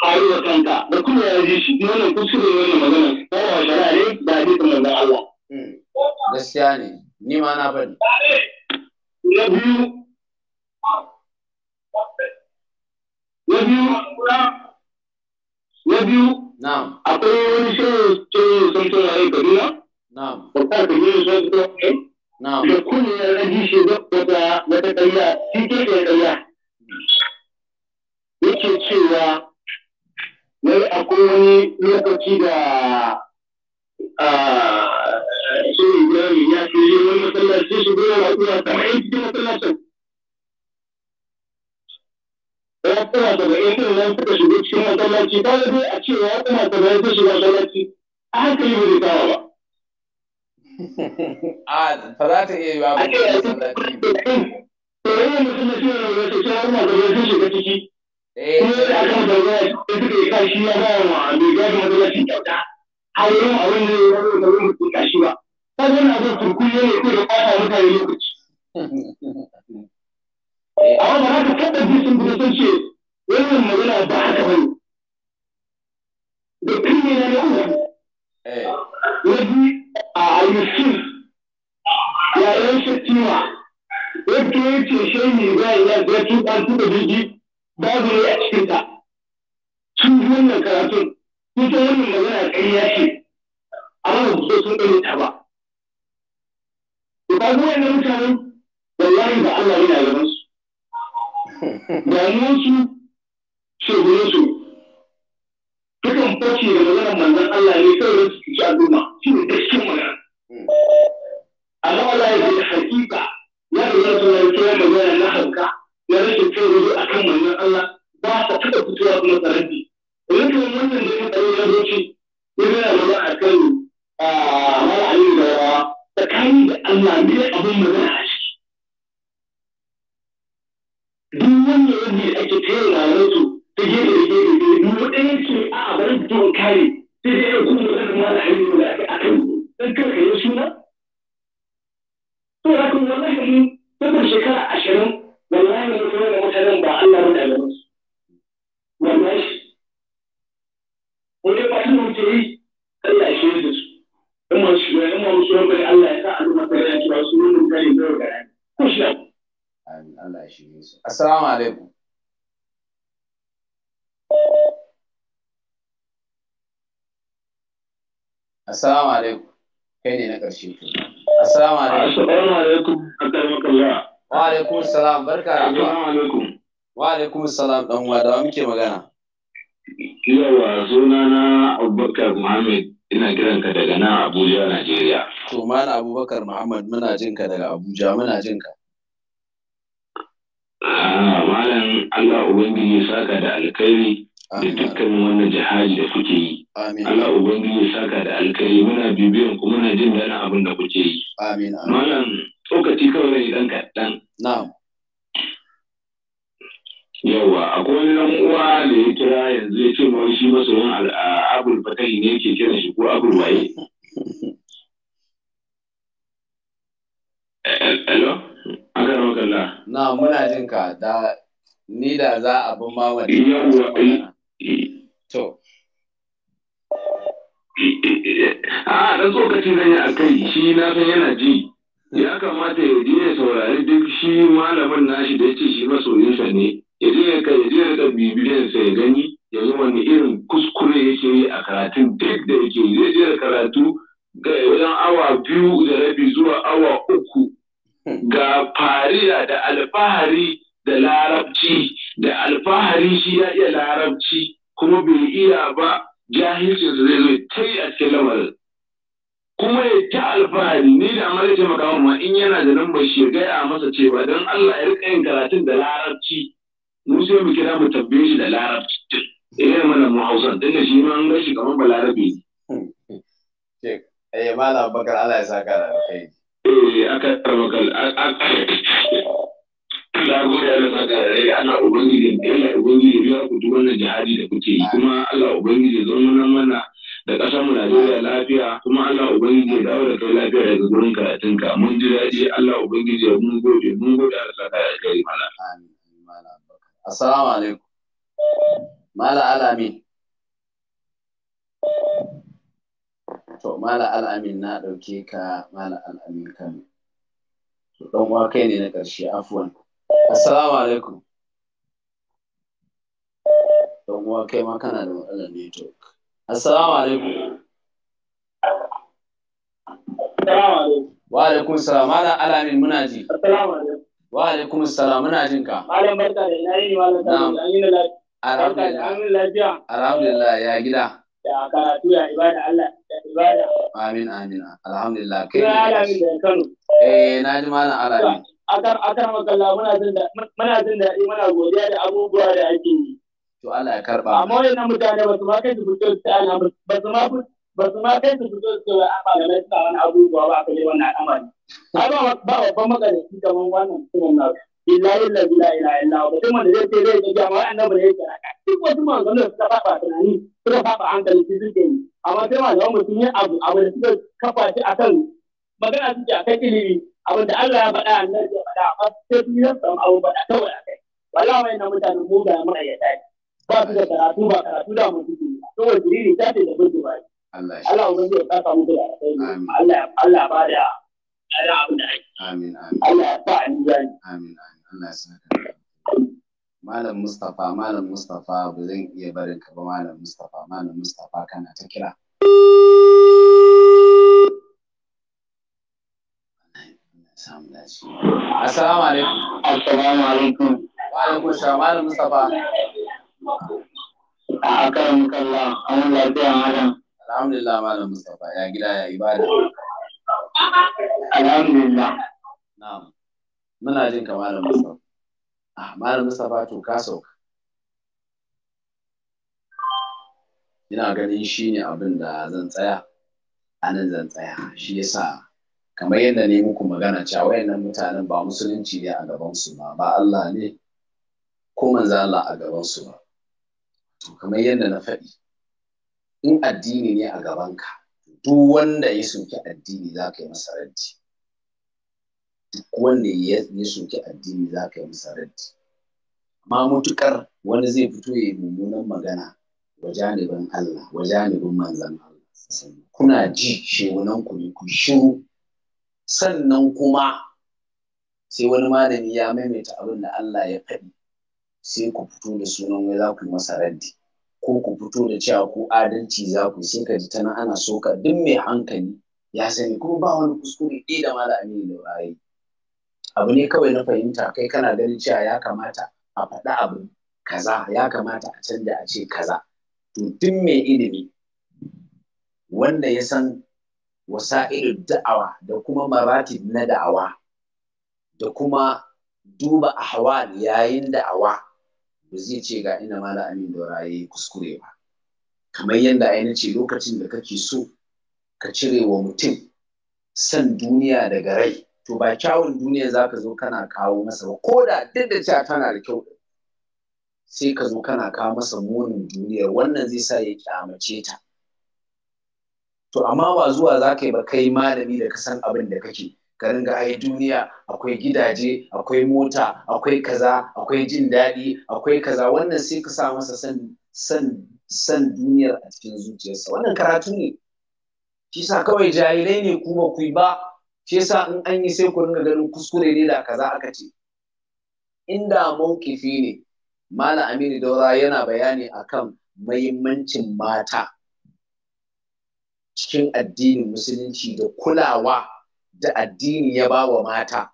Kari wa kanka da kuma ya ji shi wannan kuskure ne wannan magana. ta wa shari'a ne ba a kuma manzan Allah. Gaskiya ne, ni ma na faɗi. Na biyu, na biyu akwai wani shirin ce sun tuna rai kabila babbar kabiru sun tuna rai da kunyar raji shi wata wata ɗaya cikin ɗaya ɗaya yake cewa wai akwai wani lokaci da shirin gari ya fi wani masallaci shi gora na uwa kamar yin cikin masallacin raƙuma saba'in din nan suka shigo cikin masallaci ba da a ce raƙuma saba'in sun shiga masallaci a hankali bai kawo ba. a ba za ta iya ba mutum na cewa raƙuma saba'in shiga ciki. kuma yi kashi ya ba wa mai masallaci kyauta a ya da mutum ba. ne ko da kwata mutane lokaci. Eh, amma ba ka kada su sun fito sun ce wannan magana ba haka ba ne da kunne na eh. na uku na ji a ayyukin yayin shattima yadda ya ce shehi ba ya ya tuɓar tuɓa jirgi babu ne a cikin sun ji wannan karatun ita wannan magana ƙarya ce amma ba su sun ɗaure ta ba. Ba ga wannan mutanen wallahi ba Allah yana gaban Damuwarsu shegunansu sukan face da maganar manzan Allah ne kawai don su cuci al'umma shi ne gaskiyar magana. Amma Allah ya ce hakika ya da zai tura kira magana na hanka ya rashin kai wuri a kan manzan Allah ba sa taɓa fitowa kuma tsarafi. Idan kuma wannan da ya tsaro na zuci ya gana magana a kan mara da rawa tsakani da Allah ne abin magana ma na yi da a kan don kar ka yi suna to da kun zama shekara ashirin wallahi mutane da mutanen ba Allah ba da wani ba wuce Allah ya shirya da su ma su ma Allah ya sa a su mutane da yau da Allah ya shirya su assalamu alaikum Assalamu alaikum. Kai ne na ƙarshe. Assalamu alaikum. Assalamu alaikum. Assalamu Wa alaikum salam. Barka da zuwa. Assalamu alaikum. Wa alaikum salam dan uwa da muke magana. Yawa suna na Abubakar Muhammad ina kiran ka daga nan Abuja Najeriya. To mana Abubakar Muhammad muna jin ka daga Abuja muna jin ka. Ah, Malam Allah Ubangiji saka da alkhairi da dukkanin wannan jihar da kuke yi. Allah Ubangiji ya saka da alkhairi muna bibiyan ku muna jin daɗin abin da kuke yi. Malam tsokaci kawai ne ɗan kaɗan. Yawa akwai ɗan uwa da ya kira yanzu ya ce mawai shi masoyin Abul Fatahi ne yake kiran shi ko Abul Waye. Eh, hello? Aka rawa kalla. Na'am, muna jin ka da ni da za a bin ma wani. Yawa eh, to a da zan yi a kai shi na san yana ji ya kamata ya je ya saurari duk shi malamin nashi da ya ce shi masoyinsa ne ya je ya kai ya je ya da ya gani ya yi wani irin kuskure yake yi a karatun duk da yake zai je karatu ga wajen awa biyu da rabi zuwa awa uku ga fariya da alfahari da larabci da alfahari shi ya iya larabci kuma bai iya ba da zai zo ta yi a cikin lamarin kuma ya ta alfahari ni da amma zai taimaka ma. in yana da nan bai shi a masa ce ba, don Allah ya rika yin karatun da larabci mu sai mu kira mu tambaye shi da larabci eh, irin mana mu Hausa dan da shi ma an gashi kamar kamar balarabe ne eh malam bakar Allah ya saka da kai eh aka tarba kal ana ubangiji Yana ubangiji biya ku duk wannan jihadi da kuke yi kuma Allah ubangiji zama mana da ƙasar mu Najeriya lafiya kuma Allah ubangiji ya dawo da kai lafiya daga gurin karatunka mun ji daɗi Allah ubangiji mun gode mun gode Allah ya kai mana Assalamu alaikum Mala Alamin To Mala Alamin na ɗauke ka Mala Alamin Kano To ɗan uwa kai ne na ƙarshe afuwan Assalamu alaikum don kuma kai ma kana da matsalar network assalamu alaikum wa alaikum salam ala alamin muna ji wa alaikum salam muna jin ka malam barka da ina yi malam salam amina lafiya alhamdulillah alhamdulillah ya gida ya karatu ya ibada Allah ya ibada amin amin alhamdulillah kai ya alamin da Kano eh na ji malam alamin akar akar makalla muna jin da muna jin da muna godiya da abubuwa da ake yi to Allah ya karba amma wannan mutane ba su ma kai su fito su ana ba su ma ba su ma kai su fito su a malamai wani abubuwa ba yi wannan amari ai ba ba babban makarici kamar wannan sunan nasu billahi la ilaha illa Ba mutum da zai ce zai ga jama'a annabi ne yake raka duk wasu manzannin suka fafa tunani suka fafa hankali su suke yi amma sai malaman mutum ya abu abu da suka kafa shi akan magana suke akan ilimi abin da Allah ya faɗa annabi ya faɗa amma sai su yi samu abu faɗa kawai wallahi wannan mutanen ba su da karatu ba karatu da mu suke kawai jiriri ta ce da bin dubai Allah ya ubangiji ya saka da Allah ya Allah ba da ada abin da ake amin Allah ya ba ni zani amin amin Allah ya saka Malam Mustapha, Malam Mustapha, ba zan iya barin ka ba Malam Mustapha, Malam Mustapha kana ta kira. Assalamu alaikum. Assalamu alaikum. Wa alaikum salam, Malam Mustapha. a karan kalla an wani lafiya malam alhamdulillah malam mustapha ya gida ya ibada alhamdulillah na'am muna jin ka malam mustapha ah malam mustapha to ka sauka ina ganin shi ne abin da zan tsaya a nan zan tsaya shi yasa kamar yadda ne muku magana cewa wayannan mutanen ba musulunci ne a gabansu ba ba Allah ne ko manzo Allah a gabansu ba to kamar yadda na faɗi in addini ne a gabanka duk wanda ya soki addini za ka yi masa raddi duk wanda ya soki addini za ka yi masa raddi amma mutukar wani zai fito ya yi mummunan magana wa janibin Allah wa janibin manzan Allah kuna ji shewunan ku ne ku shiru sannan kuma sai wani malami ya maimaita abin da Allah ya faɗi sai ku fito da sunan wai za ku yi masa raddi ko ku fito da cewa ko adalci za ku sai ka ji tana ana soka ka duk mai hankali ya sani kuma ba wani kuskure ɗaya da mala aminu da ra'ayi abu ne kawai na fahimta kai kana ganin cewa ya kamata a faɗa abu kaza ya kamata a canja a ce kaza to duk mai ilimi wanda ya san wasa'ir da'awa da kuma maratib na da'awa da kuma duba ahwal yayin da'awa ba zai ce ga ina mala amin da ya yi kuskure ba kamar yadda aina ce lokacin da kake so ka cire wa mutum san duniya daga rai to ba kyawun duniya za ka zo kana kawo masa ba ko da duk da cewa tana da kyau sai ka zo kana kawo masa munin duniyar wannan zai sa ya kyamace ta to amma ba zuwa za ka yi ba kai malami da ka san abin da kake ka ringa ai duniya akwai gidaje akwai mota akwai kaza akwai jin daɗi akwai kaza wannan sai ka sa masa san san san duniyar a cikin zuciyarsa wannan karatu ne shi sa kawai jahilai ne kuma ku ba shi yasa in an yi sai ku ringa ganin kuskure ne da kaza aka ce inda maukifi ne Malam Aminu Daura yana bayani akan mahimmancin mata cikin addinin musulunci da kulawa da addini ya ba wa mata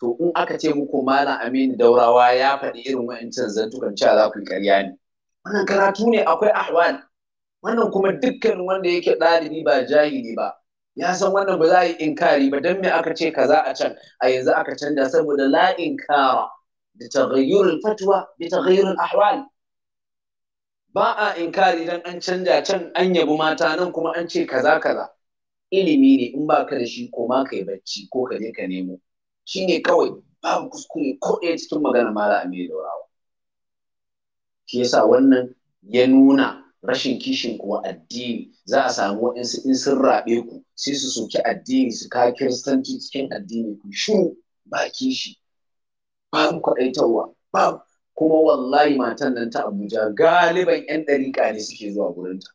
to in aka ce muku malam aminu daurawa ya faɗi irin wa'incan zantukan cewa za ku yi ƙarya ne wannan karatu ne akwai ahwal wannan kuma dukkan wanda yake ɗalibi ba jahili ba ya san wannan ba za a yi inkari ba don me aka ce kaza a can a yanzu aka canja saboda la inkara da taghayyurul fatwa bi taghayyurul ahwal ba a inkari dan an canja can an yabi mata nan kuma an ce kaza kaza ilimi ne in ba ka da shi ko ma ka bacci ko ka je ka nemo shi ne kawai babu kuskure ko ɗaya cikin magana mala mai daurawa shi yasa wannan ya nuna rashin kishin kuwa addini za a samu waɗansu in sun raɓe ku sai su soki addini su ka kiristanci cikin addini ku shu ba kishi babu kwaɗaitarwa babu kuma wallahi matan nan ta abuja galiban 'yan ɗariƙa ne suke zuwa gurinta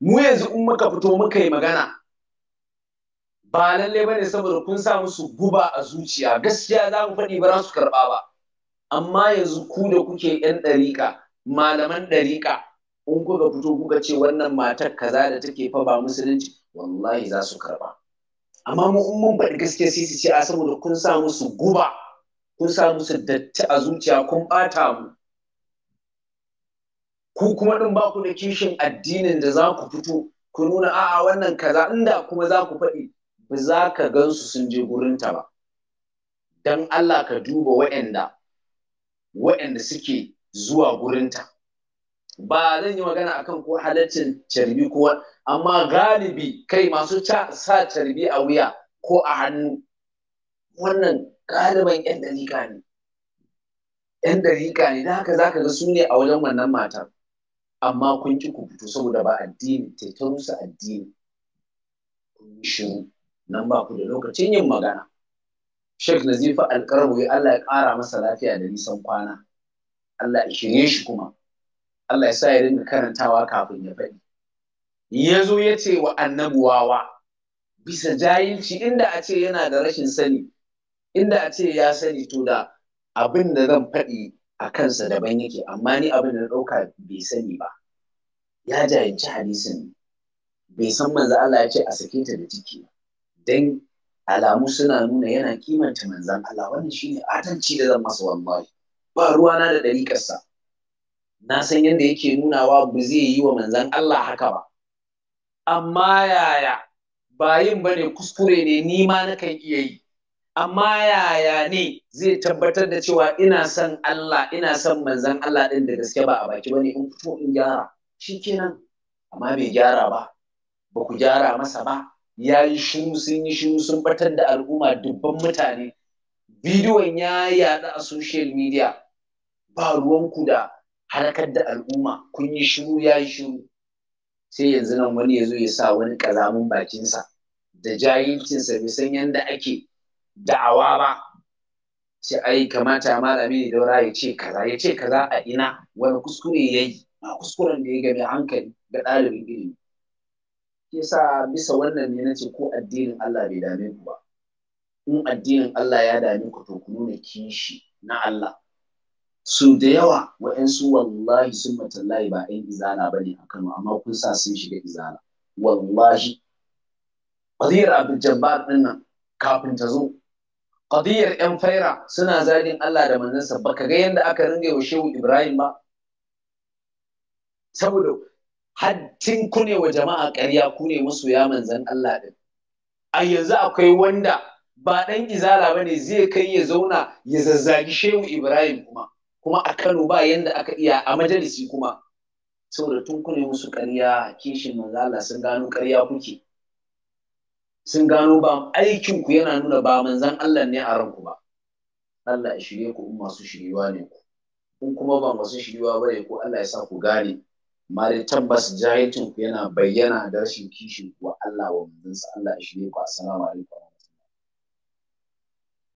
mu yanzu in muka fito muka yi magana ba lalle bane saboda kun sa musu guba a zuciya gaskiya za mu faɗi ba za su karɓa ba amma yanzu ku da kuke yan ɗariƙa malaman ɗariƙa in kuka fito kuka ce wannan matar kaza da take fa ba musulunci wallahi za su karɓa amma mu in mun faɗi gaskiya sai su ce a saboda kun sa musu guba kun sa musu datti a zuciya kun ɓata mu ku kuma ɗin ba ku da kishin addinin da za ku fito ku nuna a'a wannan kaza inda kuma za ku faɗi Baza za ka su sun je gurinta ba don Allah ka duba waɗanda suke zuwa gurinta ba zan yi magana akan ko halaccin carbi ko amma galibi kai masu sa carbi a wuya ko a hannu wannan galiban yan dariƙa ne yan dalika ne da haka zaka ga su ne a wajen wannan matar amma kun ki ku fito saboda ba addini ta rusa addini kun shiru nan ba ku da lokacin yin magana Sheikh Nazifa ya Allah ya ƙara masa lafiya da nisan kwana Allah ya shirye shi kuma Allah ya sa ya dinga karantawa kafin ya faɗi ya zo ya ce wa annabi wawa bisa jahilci inda a ce yana da rashin sani inda a ce ya sani to da abin da zan faɗi a kansa daban yake amma ni abin da ɗauka bai sani ba ya jahilci hadisin bai san manzo Allah ya ce a sake ta da ciki ba dan alamu suna nuna yana kimanta manzan Allah wannan shine adalci da zan masa wallahi ba na da ɗariƙarsa na san yadda yake nunawa ba zai yi wa manzan Allah haka ba amma yaya ba yin bane kuskure ne ni ma na kan iya yi amma yaya ne zai tabbatar da cewa ina son Allah ina son manzan Allah ɗin da gaske ba a baki bane in fito in gyara shikenan amma bai gyara ba ba ku gyara masa ba ya yi shiru sun yi shiru sun batar da al'umma dubban mutane bidiyon ya yaɗa a social media ba ruwanku da harkar da al'umma kun yi shiru ya yi shiru sai yanzu nan wani ya zo ya sa wani ƙazamin bakinsa da jahilcinsa bai san yadda ake da'awa ba sai ai kamata malami ne daura ya ce kaza ya ce kaza a ina wani kuskure ya yi ba kuskuren da ya gami hankali ga ɗalibin ilimi kisa sa bisa wannan ne na ce ko addinin Allah bai dame ku ba in addinin Allah ya dame ku to ku nuna kishi na Allah su da yawa wa'ansu wallahi sun matallahi ba 'yan izala ba ne a Kano amma kun sa sun shiga izala wallahi Qadiyar Abdul Jabbar din nan kafin ta zo Ƙaziyar 'yan faira suna zagin Allah da manzansa baka ga yadda aka ringa yaushe Shehu Ibrahim ba saboda hattin ku ne wa jama'a ƙarya ku ne ya manzan Allah din a yanzu akwai wanda ba ɗan izala ba ne zai kai ya zauna ya zazzagi shehu Ibrahim kuma kuma a Kano ba yanda aka iya a majalisi kuma saboda tun ku ne musu ƙarya kishin manzan sun gano ƙarya kuke sun gano ba aikin yana nuna ba manzan Allah ne a ranku ba Allah ya shirye ku in masu shiriwa ne ku in kuma ba masu ba ne? ku Allah ya sa ku gane mare tabbas jahilcin ku yana bayyana da rashin kishin ku Allah wa manzon Allah shi ne ku assalamu alaikum